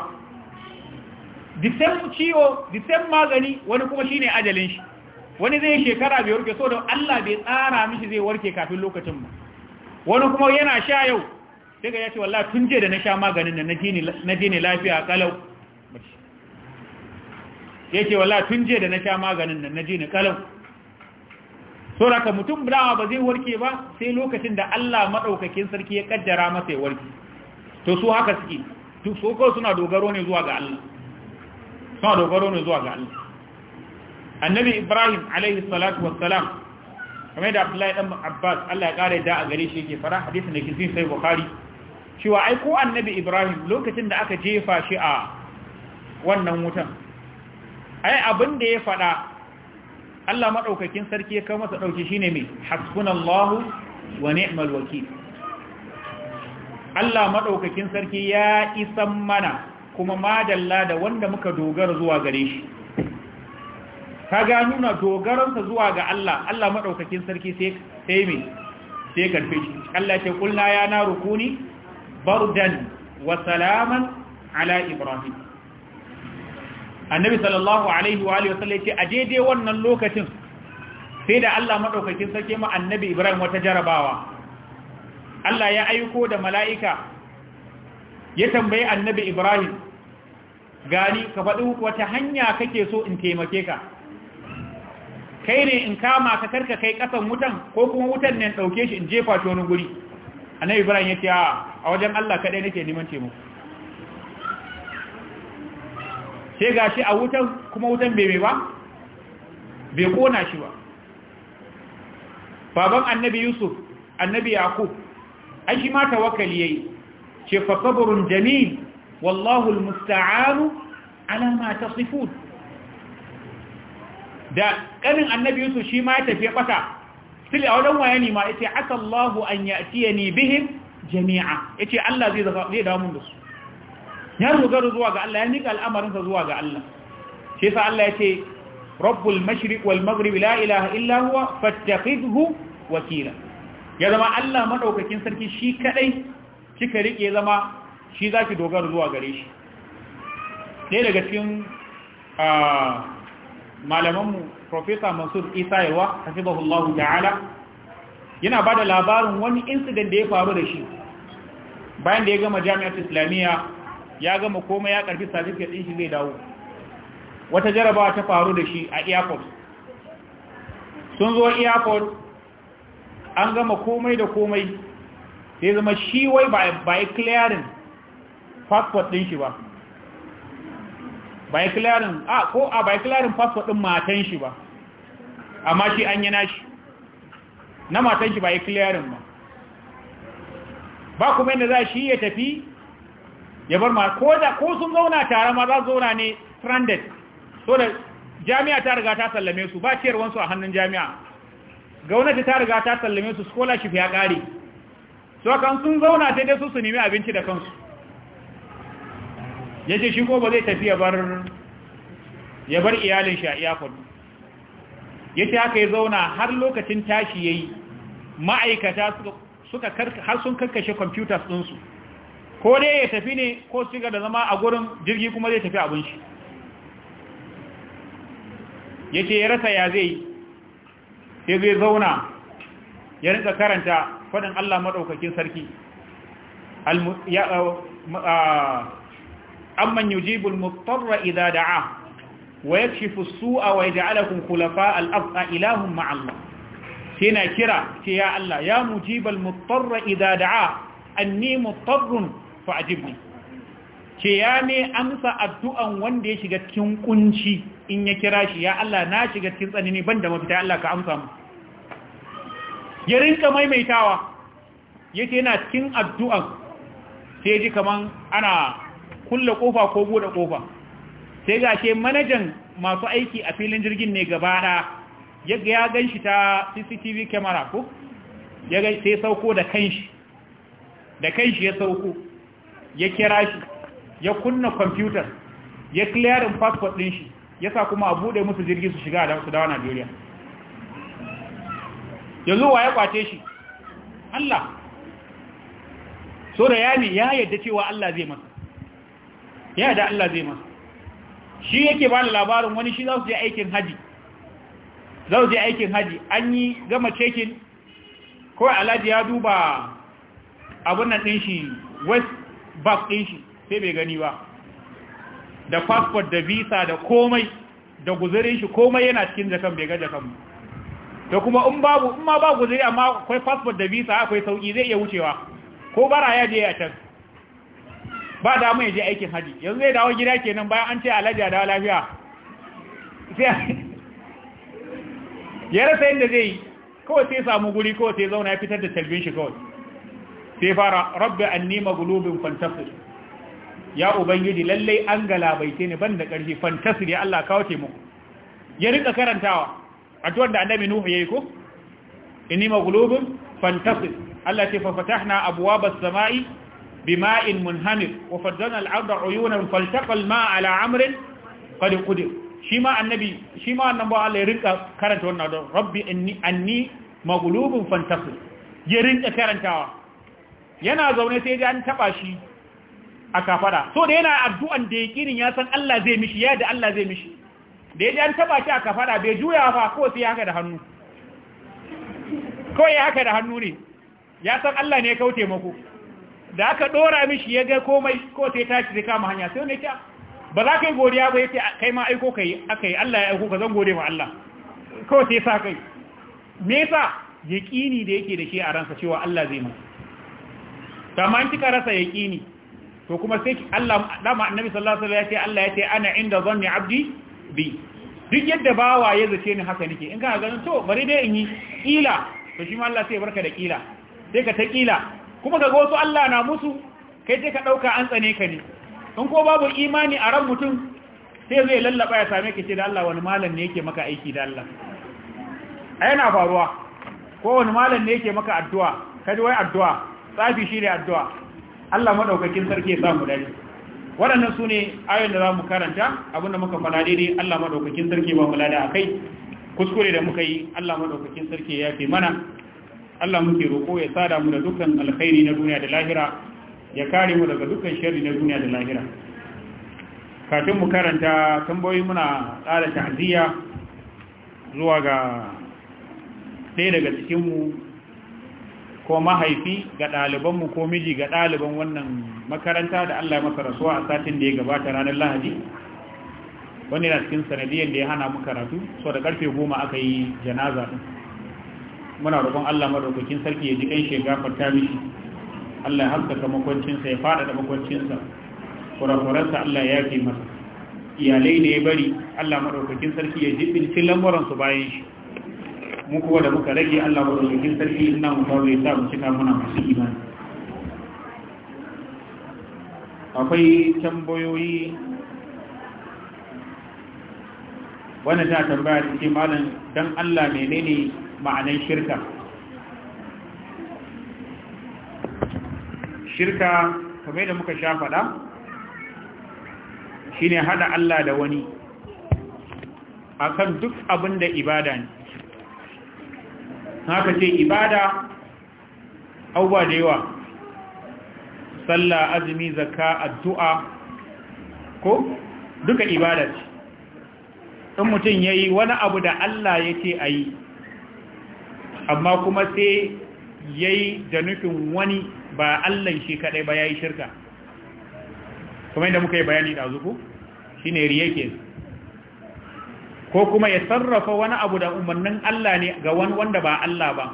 disam ciwo disam magani wani kuma shine ajalin shi wani zai shekara bai warke so da Allah bai tsara mishi zai warke kafin lokacin ba wani kuma yana sha yau sai ga ya ce wallahi tun je da na sha maganin nan na je ne lafiya kalau ya ce wala tun je da na sha maganin nan na ji ni kalau raka mutum dawa ba zai warke ba sai lokacin da Allah maɗaukakin sarki ya kaddara masa ya warke to su haka suke to su ko suna dogaro ne zuwa ga Allah suna dogaro ne zuwa ga Allah annabi ibrahim alaihi salatu wassalam kamar da abdullahi dan abbas Allah ya kare da a gare shi yake fara hadisi ne kin sai bukhari cewa ai ko annabi ibrahim lokacin da aka jefa shi a wannan wutan ai abin da ya faɗa Allah maɗaukakin sarki ya kawo masa ɗauki shine mai hasbunallahu wa ni'mal wakil Allah maɗaukakin sarki ya isan mana kuma madalla da wanda muka dogara zuwa gare shi kaga nuna dogaransa zuwa ga Allah Allah maɗaukakin sarki sai mai sai karfe shi Allah ce kulna ya na rukuni bardan wa salaman ala ibrahim annabi sallallahu alaihi wa alihi wasallam ce a daidai wannan lokacin sai da Allah madaukakin sarki ma annabi Ibrahim wata jarabawa Allah ya aiko da mala'ika ya tambayi annabi Ibrahim gani ka faɗi wata hanya kake so in taimake ka kai ne in kama ka karka kai ƙasan wutan ko kuma wutan ne ɗauke shi in jefa shi wani guri annabi Ibrahim ya ce a wajen Allah kaɗai nake neman taimako sai shi a wutan kuma wutan bai ba bai kona shi ba baban annabi yusuf annabi yaqub an shi ma tawakkali yayi ce fa jami'in, jamil wallahu almusta'an ala ma da kanin annabi yusuf shi ma ya tafi bata sili a wajen wayani ma yace asallahu an ya'tiyani bihin jami'a ce Allah zai zai dawo mun da su ya dogara zuwa ga Allah ya nika al'amarinsa zuwa ga Allah shi yasa Allah ya ce rabbul mashriq wal maghrib la ilaha illa huwa fattakhidhu wakila ya zama Allah madaukakin sarki shi kadai kika rike zama shi zaki dogara zuwa gare shi sai daga cikin malamanmu professor Mansur Isa yawa hasibahullahu ta'ala yana bada labarin wani incident da ya faru da shi bayan da ya gama jami'ar Islamiyya ya gama komai ya karfi certificate din shi zai dawo wata jarabawa ta faru da shi a airport sun zo airport an gama komai da komai sai zama shi wai ba yi clearing passport din shi ba ba yi clearing a ko a ba yi clearing passport din matan shi ba amma shi an yi nashi na matan shi ba yi clearing ba ba kuma yadda za shi ya tafi ya bar ma ko da ko sun zauna tare ma za su zauna ne stranded so da jami'a ta riga ta sallame su ba ciyarwan su a hannun jami'a gwamnati ta riga ta sallame su scholarship ya kare so kan sun zauna sai dai su su nemi abinci da kansu yace shi ko ba zai tafi ya bar ya bar iyalin shi a iyakon yace haka ya zauna har lokacin tashi yayi ma'aikata suka suka har sun karkashe computers ɗinsu su ko dai ya tafi ne ko su da zama a gurin jirgi kuma zai tafi abin shi ya ce ya rasa ya zai zai zauna ya rinka karanta faɗin Allah maɗaukakin sarki amman yujibul muttarra idan da'a wa yakshifu as-su'a wa yaj'alukum khulafa alakun ardh ilahum ma'a Allah sai na kira ce ya Allah ya mujibal muttarra idza da'a anni mutarrun. fa'ajibni ce ya ne amsa addu'an wanda ya shiga cikin kunci in ya kira shi ya Allah na shiga cikin tsanani ban da mafita Allah ka amsa mu ya rinka maimaitawa yake yana cikin addu'an sai ji kaman ana kulle kofa ko buɗe kofa sai ga ce manajan masu aiki a filin jirgin ne gaba da ya gan shi ta cctv camera ko ya sai sauko da kanshi da kanshi ya sauko ya kira shi ya kunna kwamfutar ya clearin passport din shi ya sa kuma a bude musu jirgi su shiga da su dawo Najeriya yanzu wa ya kwace shi Allah so da yami ya yadda cewa Allah zai masa ya yadda Allah zai masa shi yake ba da labarin wani shi za su je aikin haji za su je aikin haji an yi gama cekin kawai alhaji ya duba abin nan ɗin shi west bak ɗin shi sai bai gani ba da fasfot da visa da komai da guzurin shi komai yana cikin jakan bai ga jakan ba da kuma in babu in ma ba guzuri amma akwai fasfot da visa akwai sauki zai iya wucewa ko bara ya je a can ba da ya je aikin haji yanzu zai dawo gida kenan bayan an ce alhaji a dawo lafiya sai *laughs* ya rasa yadda zai yi kawai sai samu guri kawai sai zauna ya fitar da talbin shi kawai sai fara rabbi anni maghlubun fantasir ya ubangiji lallai an galabaice ni banda ƙarfi fantasir ya Allah kawo taimako ya rika karantawa A addu'ar da annabi nuhu yayi ko inni maghlubun fantasir Allah ce fa fatahna abwaba as-sama'i bima'in munhamir wa faddana al-arda uyunan faltaqa al-ma'a ala amrin qad qadir shi ma annabi shi ma annabi Allah ya rika karanta wannan rabbi anni anni maghlubun fantasir ya rinka karantawa yana zaune sai ji an taba shi a kafara so da yana addu'an da yakinin ya san Allah zai mishi ya da Allah zai mishi da yaji an taba shi a kafara bai juya fa ko sai haka da hannu kawai haka da hannu ne ya san Allah ne ya kaute mako da aka dora mishi ya ga komai ko sai tashi zai kama hanya sai wani ta ba za ka yi godiya ba yace kai ma aiko kai akai yi Allah ya aiko ka zan gode ma Allah kawai sai sa kai me yasa yaqini da yake da shi a ransa cewa Allah zai mishi amma in kika rasa yaqini to kuma sai Allah dama annabi sallallahu alaihi wasallam ya ce Allah ya ce ana inda zanni abdi bi duk yadda bawa ya zace ni haka nake in kana ganin to bari dai in yi kila to shi ma Allah sai barka da kila sai ka ta kila kuma kaga wasu Allah na musu kai sai ka dauka an tsane ka ne in ko babu imani a ran mutum sai zai lallaba ya same ka ce da Allah wani malam ne yake maka aiki da Allah ai yana faruwa ko wani malam ne yake maka addu'a kaji wai addu'a tsafi ne addu'a Allah maɗaukakin sarki ya samu dare waɗannan su ne ayon da za mu karanta abinda muka fada daidai Allah maɗaukakin sarki ba mu lada a kai kuskure da muka yi Allah maɗaukakin sarki ya fi mana Allah muke roƙo ya sada mu da dukkan alkhairi na duniya da lahira ya kare mu daga dukkan sharri na duniya da lahira kafin mu karanta tambayoyi muna tsara ta'aziyya zuwa ga ɗaya daga cikinmu ko mahaifi ga ɗalibanmu ko miji ga ɗaliban wannan makaranta da Allah ya masa rasuwa a satin da ya gabata ranar lahadi wani na cikin sanadiyar da ya hana mu karatu so da karfe goma aka yi janaza ɗin muna roƙon Allah madaukakin sarki ya ji ƙan shi ta mishi Allah ya haskaka makwancinsa ya faɗaɗa makwancinsa kurakurarsa Allah ya yafe masa iyalai ne ya bari Allah madaukakin sarki ya jibinci lamuransu bayan shi mu kuwa da muka rage Allah wa dokokin sarki ina mu kawo ya sa mu cika muna masu imani akwai tambayoyi wani ta tambaya ta ce malam dan Allah menene ma'anar shirka shirka kame da muka sha faɗa shine hada Allah da wani akan duk abin da ibada ne haka ce ibada abubuwa da yawa sallah azumi zakka addu'a ko duka ibada ce in mutum ya yi wani abu da Allah ya ce a yi amma kuma sai ya yi da nufin wani ba Allah shi kaɗai ba ya yi shirka kuma inda muka yi bayani da zuku shi ne ko kuma ya sarrafa wani abu da umarnin Allah ne ga wani wanda ba Allah ba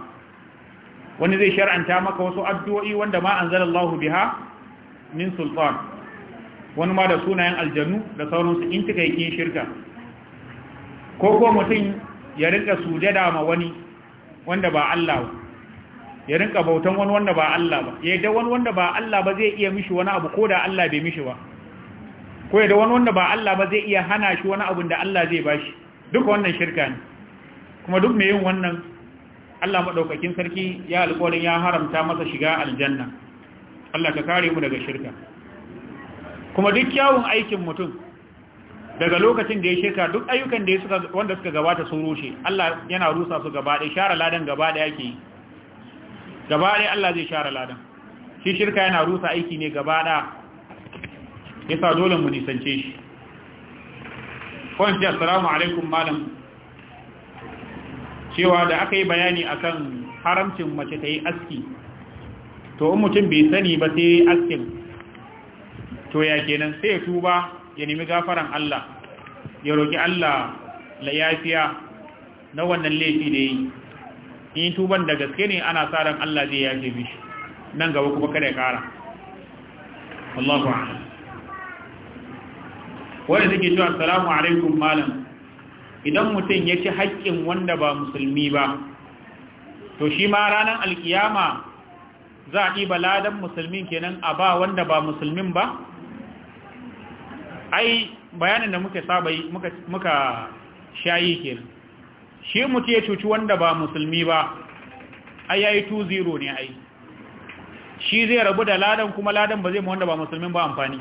wani zai shar'anta maka wasu addu'o'i wanda ma anzalallahu biha min sultan wani ma da sunayen aljannu da sauransu in kika yi shirka ko ko mutum ya rinka sujada ma wani wanda ba Allah ba ya rinka bautan wani wanda ba Allah ba ya da wani wanda ba Allah ba zai iya mishi wani abu ko da Allah bai mishi ba ko ya da wani wanda ba Allah ba zai iya hana shi wani abu da Allah zai bashi duk wannan shirka ne kuma duk mai yin wannan Allah madaukakin sarki ya alƙawarin ya haramta masa shiga aljanna Allah ka kare mu daga shirka kuma duk kyawun aikin mutum daga lokacin da ya shirka duk ayyukan da suka wanda suka gabata sun rushe Allah yana rusa su gaba ɗaya share ladan gaba ɗaya yake gaba ɗaya Allah zai share ladan shi shirka yana rusa aiki ne gaba ɗaya yasa dole mu nisance shi kwanci assalamu alaikum malam cewa da aka yi bayani akan haramcin mace ta yi aski to in mutum bai sani ba sai askin to ya kenan sai ya tuba ya nemi gafaran Allah ya roki Allah la yafiya na wannan laifi da yi in tuban da gaske ne ana sa ran Allah zai yafe mishi nan gaba kuma kada ya kara Allahu a'lam wanda suke cewa Salamu alaikum malam idan mutum ya ci haƙƙin wanda ba musulmi ba to shi ma ranar alkiyama za a ɗiba ladan musulmin kenan a ba wanda ba musulmin ba ai bayanin da muka saba muka muka shayi kenan shi mutum ya cuci wanda ba musulmi ba ai yi tuziro ne ai shi zai rabu da ladan kuma ladan ba zai ma wanda ba musulmin ba amfani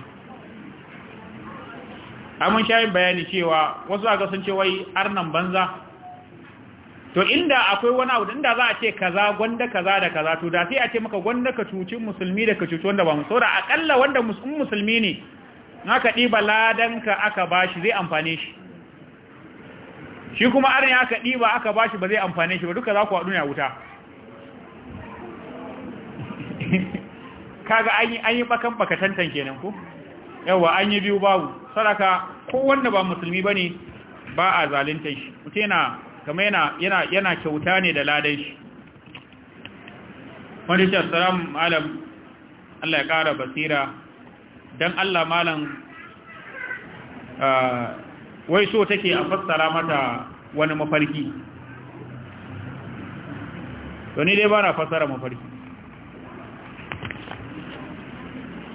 amin shayin bayani cewa wasu aka san cewa wai arnan banza to inda akwai wani abu inda za a ce kaza gwanda kaza da kaza to da sai a ce maka gwanda ka cuci musulmi da ka cuci wanda ba musulmi da akalla wanda musulmi ne naka ɗiba ka aka bashi zai amfane shi shi kuma arni aka ɗiba aka bashi ba zai amfane shi ba duka za ku haɗu ne a wuta *laughs* kaga an yi bakan tantan kenan ku yawa an yi biyu babu sadaka ko wanda ba musulmi bane ba a zalunta shi mutum yana kamar yana yana yana kyauta ne da ladan shi wani shi assalamu malam Allah ya kara basira dan Allah malam wai so take a fassara mata wani mafarki to ni dai ba na fassara mafarki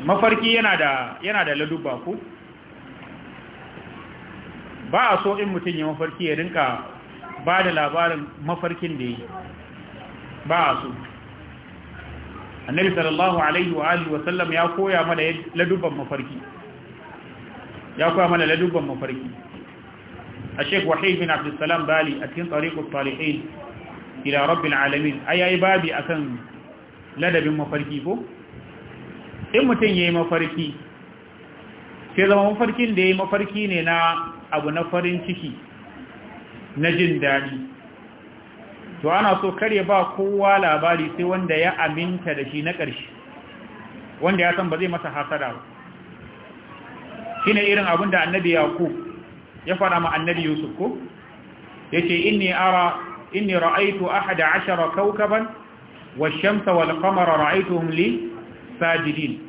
mafarki yana da yana da ladubba ko ba a so in mutum ya mafarki ya rinka ba da labarin mafarkin da yi ba a so annabi sallallahu alaihi wa alihi wa sallam ya koya mana ladubban mafarki ya koya mana ladubban mafarki a sheikh wahid bin abdul salam bali a cikin tariqus salihin ila rabbil alamin ayayi babi akan ladabin mafarki ko in mutum yayi mafarki sai zama mafarkin da yayi mafarki ne na abu na farin ciki na jin daɗi to ana so kare ba kowa labari sai wanda ya aminta da shi na ƙarshe wanda ya san ba zai masa hasara ba shine irin abin da annabi yaqub ya fara ma annabi yusuf ko yace inni ara inni ra'aytu ahada ashara kawkaban wash-shamsa wal-qamara ra'aytuhum li sajidin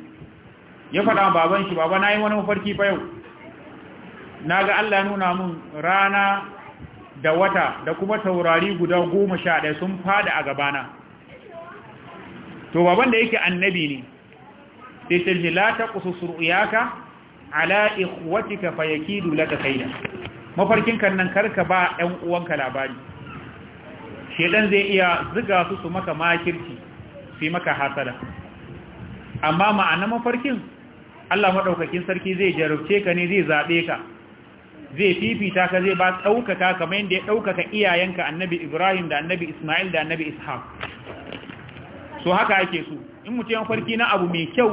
ya fara baban shi baba nayi wani mafarki fa yau na ga Allah nuna mun rana da wata da kuma taurari guda goma sha ɗaya sun fada a gabana to baban da yake annabi ne sai ta ji la ta kusa suruyaka ala ikhwatika fayakidu laka kaida mafarkin kan nan karka ba ɗan uwanka labari shedan zai iya zuga su su maka makirci su maka hasada amma ma'ana mafarkin Allah madaukakin sarki zai jarabce ka ne zai zabe ka zai fifita ka zai ba ɗaukaka kamar yadda ya ɗaukaka iyayenka annabi ibrahim da annabi ismail da annabi ishaq so haka ake so in mutum yan farki na abu mai kyau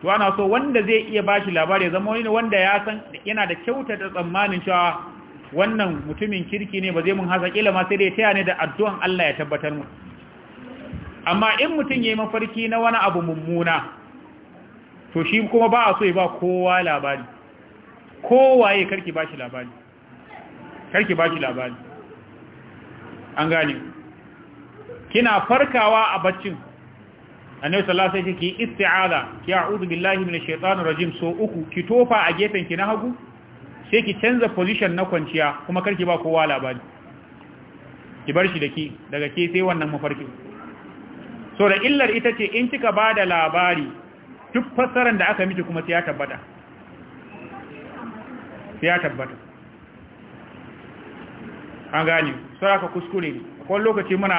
to ana so wanda zai iya ba shi labari ya zama wani wanda ya san yana da kyautata tsammanin cewa wannan mutumin kirki ne ba zai mun hasa kila ma sai dai taya ne da addu'an Allah ya tabbatar mu amma in mutum ya yi mafarki na wani abu mummuna to shi kuma ba a so ya ba kowa labari kowaye karki bashi labari karki bashi labari an gane kina farkawa a baccin annabi sallallahu alaihi wasallam ki isti'aza ki a'udhu billahi minash shaitani rajim so uku ki tofa a gefen ki na hagu sai ki canza position na kwanciya kuma karki ba kowa labari ki bar shi da ki daga ke sai wannan mafarkin so da illar ita ce in kika bada labari duk fassarar da aka miki kuma sai ya tabbata ya tabbata an gani sai aka kuskure ne akwai lokaci muna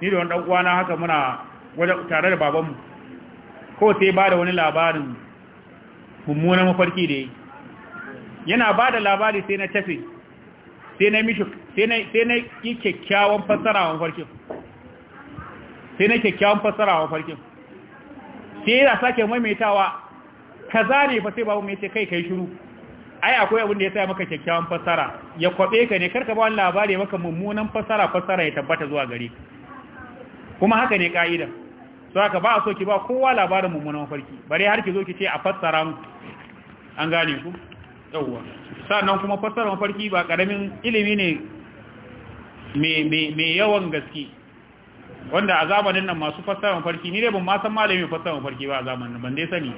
ni da wani dan uwana haka muna waje tare da babanmu ko sai ba da wani labarin mummunan mafarki da yi yana ba da labari sai na tafi sai na mishi sai na yi kyakkyawan fassara mafarkin sai na kyakkyawan fassara wa mafarkin, sai da sake maimaitawa kaza ne fa sai babu mai ce kai kai shiru ai akwai abin da ya sa maka kyakkyawan fasara ya kwabe ka ne karka ba wani labari maka mummunan fasara fasara ya tabbata zuwa gare ka kuma haka ne ka'ida so haka ba a so ki ba kowa labarin mummunan farki bare har ki zo ki ce a fassara mu an gane ku yawwa sannan kuma fassara mafarki ba karamin ilimi ne mai yawan gaske wanda a zamanin nan masu fassara mafarki ni dai ban ma san malamin fassara mafarki ba a zamanin ban dai sani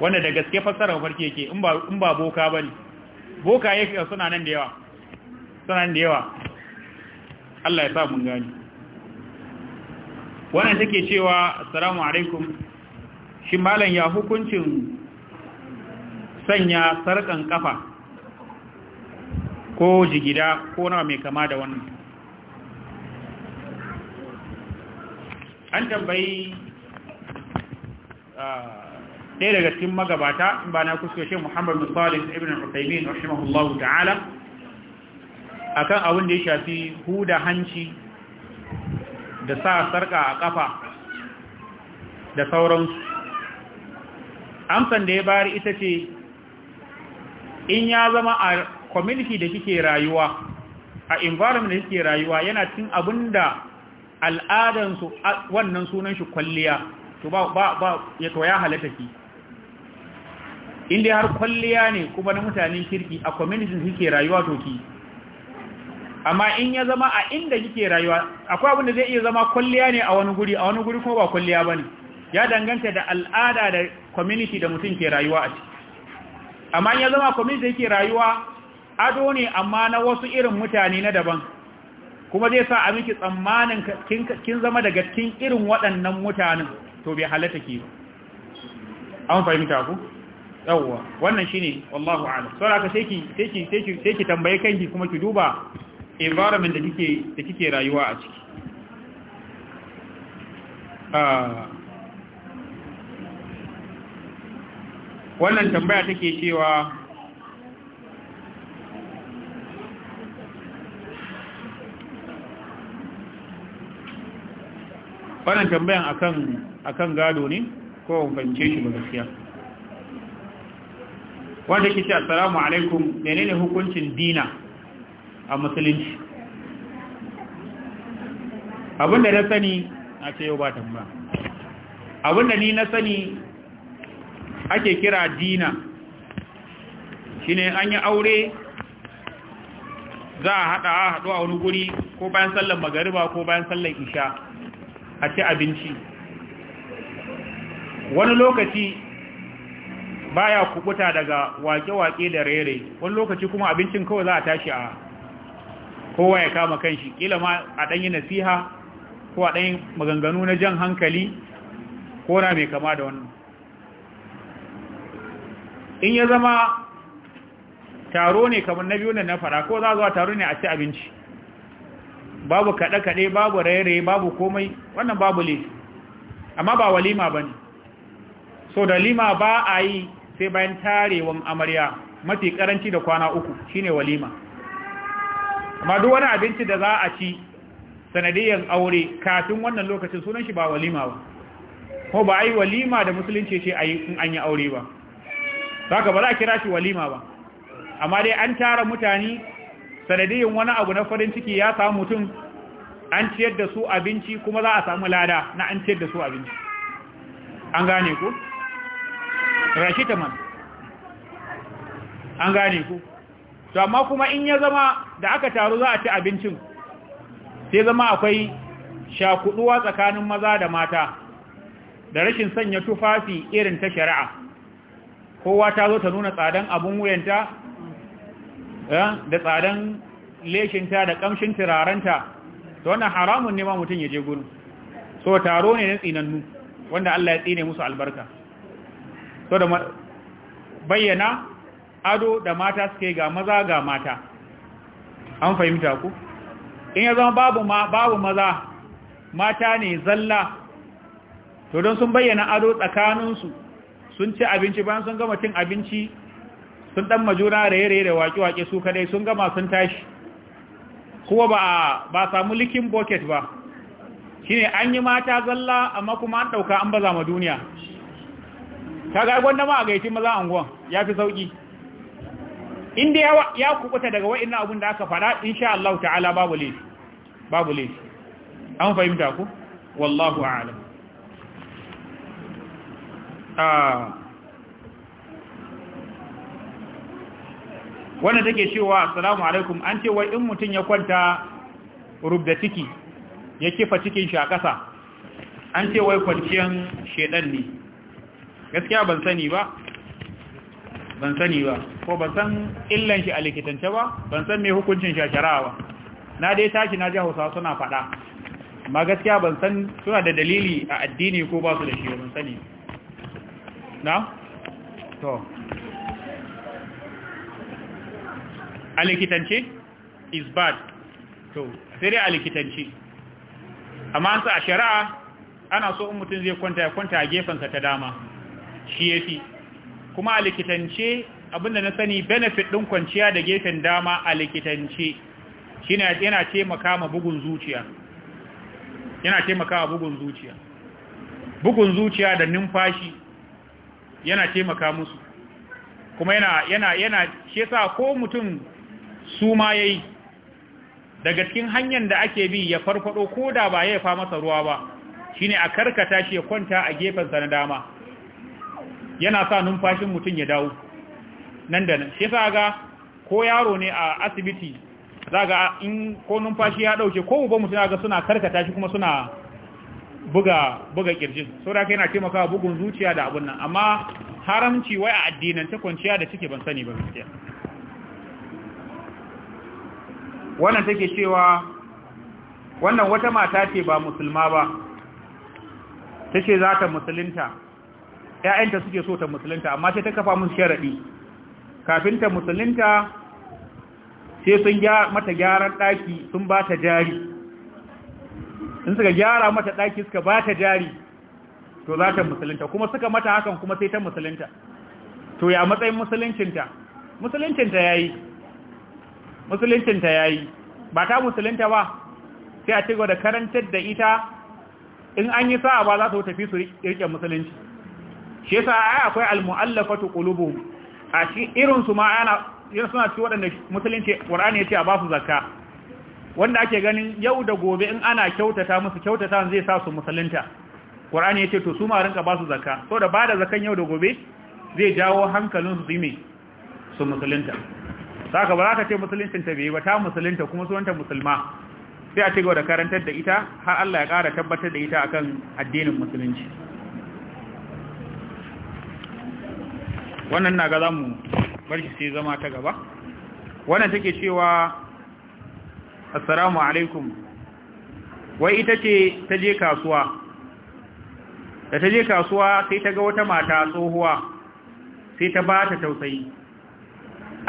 wanda da gaske fassara mafarki yake in ba boka ba ne boka yake suna nan da yawa suna nan da yawa Allah ya sa mun gani wannan take cewa assalamu alaikum shi malam ya hukuncin sanya sarkan kafa ko jigida ko nawa mai kama da wannan an tambayi ah, ɗaya daga cikin magabata in ba na kusurwa shi Muhammad bin Salih ibn Uthaymeen rahimahullahu ta'ala a kan abin da ya shafi huda hanci da sa sarka a ƙafa da sauransu amsan da ya bari ita ce in ya zama a community da kike rayuwa a environment da kike rayuwa yana cin da al'adansu wannan sunan shi kwalliya to ba ya to ya halatta ki in dai har kwalliya ne kuma na mutanen kirki a community suke rayuwa to ki amma in ya zama a inda kike rayuwa akwai abin da zai iya zama kwalliya ne a wani guri a wani guri kuma ba kwalliya bane ya danganta da al'ada da community da mutum ke rayuwa a ciki amma ya zama community yake rayuwa ado ne amma na wasu irin mutane na daban kuma zai sa a miki tsammanin kin zama daga cikin irin waɗannan mutanen to bai halatta ba, an fahimta ku yawwa wannan shine wallahu a'lam sai aka sai ki sai ki sai ki tambaye kanki kuma ki duba environment da kike da kike rayuwa a ciki ah, wannan tambaya take cewa wannan tambayan akan akan gado ne ko ban ce shi ba gaskiya wanda ke ce assalamu alaikum menene hukuncin dina a musulunci abinda na sani a ce yau ba Abin abinda ni na sani ake kira dina shine an yi aure za a haɗa a haɗu a wani guri ko bayan sallar magariba ko bayan sallar isha a ci abinci wani lokaci baya kubuta daga wake-wake da rere wani lokaci kuma abincin kawai za a tashi a kowa ya kama kanshi kila ma a ɗanyi nasiha ko a ɗanyi maganganu na jan hankali ko na mai kama da wannan in ya zama taro ne kamar na biyu na fara ko za zuwa taro ne a ci abinci babu kaɗe-kaɗe babu rere babu komai wannan babu laifi amma ba walima ba ne so da lima ba a yi sai bayan tarewan amarya mafi karanci da kwana uku shine walima amma duk wani abinci da za a ci sanadiyar aure kafin wannan lokacin sunan shi ba walima ba ko ba a yi walima da musulunci ce a yi in an yi aure ba saka ba za a kira shi walima ba amma dai an tara mutane sanadiyar wani abu na farin ciki ya samu mutum an ciyar da su abinci kuma za a samu lada na an ciyar da su abinci an gane ku rashi ta man an gane ku to amma kuma in ya zama da aka taru za a ci abincin sai zama akwai shakuduwa tsakanin maza da mata da rashin sanya tufafi irin ta shari'a kowa ta zo ta nuna tsadan abun wuyanta eh, da tsadan leshinta da kamshin turarenta ta wannan haramun ne ma mutum ya je gudu so taro ne na tsinannu wanda Allah ya tsine musu albarka so da bayyana ado da mata suke ga maza ga mata an fahimta ku in ya zama babu ma babu maza mata ne zalla to don sun bayyana ado tsakaninsu sun ci abinci bayan sun gama cin abinci sun dan majuna raye-raye da waƙe-waƙe su kadai sun gama sun tashi kuma ba ba samu likin bucket ba shine an yi mata zalla amma kuma an dauka an baza ma duniya kaga gwanda ma a gaici maza anguwan ya fi sauki inda ya ya kubuta daga wa'in abin da aka fara insha Allah ta'ala babu laifi babu laifi an fahimta ku wallahu a'lam ah wannan take cewa assalamu alaikum an ce wai in mutun ya kwanta rubda ciki ya kifa cikin shi a ƙasa an ce wai kwanciyan shedan ne gaskiya ban sani ba ban sani ba ko ban san illan shi a likitance ba ban san mai hukuncin shari'a ba na dai tashi na ji hausa suna faɗa amma gaskiya ban san suna da dalili a addini ko ba su da shi ban sani na? to a likitance is bad to sai dai a likitance amma an sa a shari'a ana so in mutum zai kwanta ya kwanta a gefensa ta dama shi ya fi kuma a likitance abinda na sani benefit ɗin kwanciya da gefen dama a likitance shi yana taimaka ma bugun zuciya yana taimaka bugun zuciya bugun zuciya da numfashi yana taimaka musu kuma yana yana yana shi sa ko mutum su ma yayi daga cikin hanyar da ake bi ya farfado da ba ya fa masa ruwa ba shine a karkata shi ya kwanta a gefen sa na dama yana sa numfashin mutum ya dawo nan da nan shi yasa ga ko yaro ne a asibiti za ga in ko numfashi ya dauke ko uba mutum ga suna karkata shi kuma suna buga buga kirjin so da yana taimakawa bugun zuciya da abun nan amma haramci wai a addinan ta kwanciya da cike ban sani ba gaskiya wannan take cewa wannan wata mata ce ba musulma ba tace za ta musulunta ƴaƴanta suke so ta musulunta amma sai ta kafa musu sharadi kafin ta musulunta sai sun mata gyaran daki sun ba ta jari in suka gyara mata daki suka ba ta jari to za ta musulunta kuma suka mata hakan kuma sai ta musulunta to ya matsayin musuluncinta musuluncinta yayi musuluncinta yayi ba ta musulunta ba sai a cigaba da karantar da ita in an yi sa'a ba za su tafi su riƙe musulunci shi yasa ai akwai almu'allafatu qulubuhum a shi irin su ma ana yana suna ci waɗanda musulunci qur'ani yace a ba su zakka wanda ake ganin yau da gobe in ana kyautata musu kyautata zai sa su musulunta qur'ani yace to su ma rinka ba su zakka so da bada zakan yau da gobe zai jawo hankalin su zime su musulunta saka ba za ka ce musuluncin ta bai ba ta musulunta kuma sunanta musulma sai a ci gaba da karantar da ita har Allah ya ƙara tabbatar da ita akan addinin musulunci wannan na ga za mu bar sai zama ta gaba wannan take cewa assalamu alaikum wai ita ce ta je kasuwa da ta je kasuwa sai ta ga wata mata tsohuwa sai ta ba ta tausayi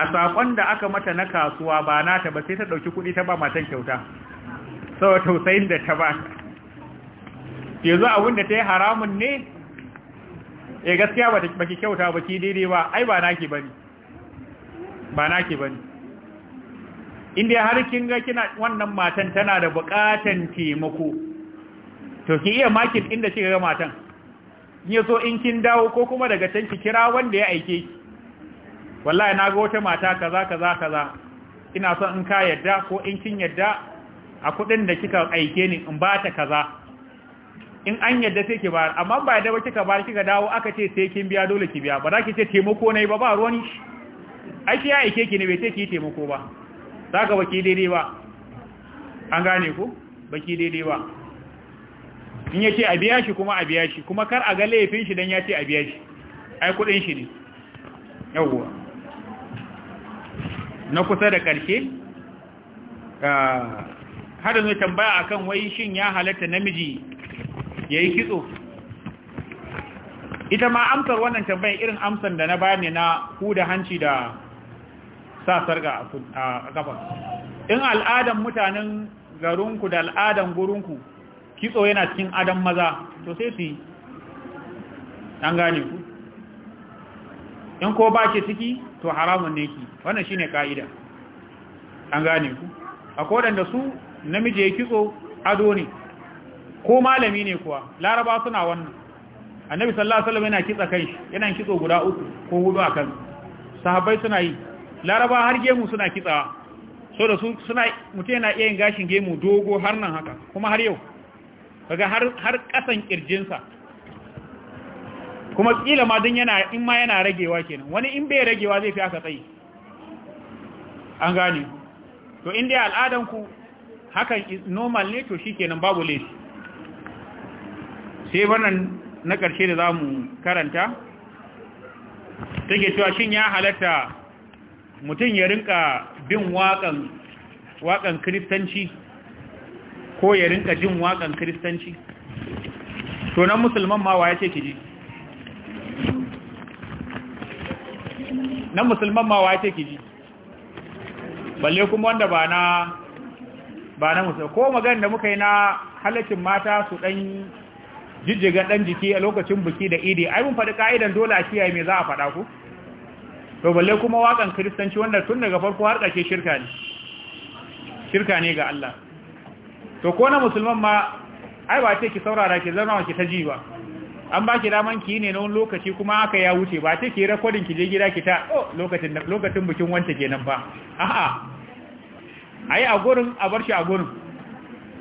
a saƙon da aka mata na kasuwa ba nata ba sai ta ɗauki kuɗi ta ba matan kyauta sau tausayin da ta ba yanzu abin da ta yi haramun ne eh gaskiya ba baki kyauta ba ki daidai ba ai ba naki bane ba naki bane inda har kin ga kina wannan matan tana da bukatan taimako to ki iya makin inda kika ga matan in so in kin dawo ko kuma daga can ki kira wanda ya aike ki wallahi na ga wata mata kaza kaza kaza ina son in ka yadda ko in kin yadda a kudin da kika aike ni in ba ta kaza in an yadda sai ki bayar amma ba yadda ba kika bayar kika dawo aka ce sai kin biya dole ki biya ba za ki ce taimako nayi ba ba ruwan shi ai shi ya aike ki ne bai ce ki taimako ba zaka baki daidai ba an gane ku baki daidai ba in ya ce a biya shi kuma a biya shi kuma kar a ga laifin shi dan ya ce a biya shi ai kudin shi ne yawwa na kusa da karshe ah, har zai tambaya akan wai shin ya halatta namiji ya yi kitso ita ma amsar wannan tambayin irin amsar da na bani na huda hanci da sa sarga a kafa in al'adan mutanen garinku da al'adan gurinku kitso yana cikin adam maza to sai su yi an gane ku in ko ba ke ciki to haramun ne ki wannan shi ne ka'ida an gane ku a kodan da su namiji ya kitso ado ne ko malami ne kuwa laraba suna wannan annabi sallallahu alaihi wasallam yana kitsa kai yana kitso guda uku ko hudu akan sahabbai suna yi laraba har gemu suna kitsawa so da su suna mutum yana iya yin gashin gemu dogo har nan haka kuma har yau kaga har har kasan sa kuma kila ma din yana in ma yana ragewa kenan wani in bai ragewa zai fi aka tsayi an gane to inda al'adan ku hakan normal ne to shikenan babu laifi sai wannan na ƙarshe da za mu karanta take cewa shin ya halatta mutum ya rinka bin waƙan kiristanci kristanci ko ya rinka jin waƙan kristanci to nan musulman ma ya ce ki ji nan musulman ma ya ce ki ji balle kuma wanda ba na ba na musulman ko magana da muka yi na halakin mata su ɗan jijjiga dan jiki a lokacin buki da idi ai mun faɗi ka'idan dole a kiyaye me za a faɗa ku to balle kuma waƙan kiristanci wanda tun daga farko har ƙarshe shirka ne shirka ne ga Allah to ko na musulman ma ai ba ce ki saurara ki zama ki ta ji ba an ba ki daman ki ne na wani lokaci kuma aka ya wuce ba ce ki rekodin ki je gida ki ta oh lokacin lokacin bikin ke kenan ba a'a ai a gurin a bar shi a gurin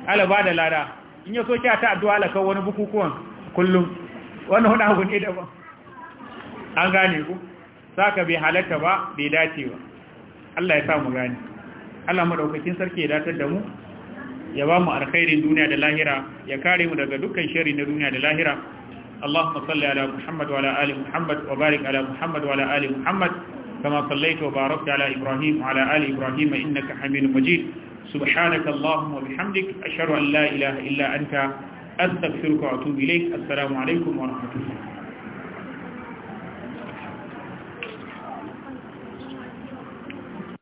ba da lada in ya so kya ta addu'a la kan wani bukukuwan kullum wani hudu abu ne daban an gane ku ka bai halatta ba bai dace ba Allah ya sa mu gane Allah madaukakin sarki ya datar da mu ya ba mu alkhairin duniya da lahira ya kare mu daga dukkan sharri na duniya da lahira اللهم صل على محمد وعلى آل محمد وبارك على محمد وعلى آل محمد كما صليت وباركت على إبراهيم وعلى آل إبراهيم إنك حميد مجيد subhanaka allahumma bihamdik ashhadu an la ilaha illa anta astaghfiruka wa atubu ilaik assalamu alaikum wa rahmatullahi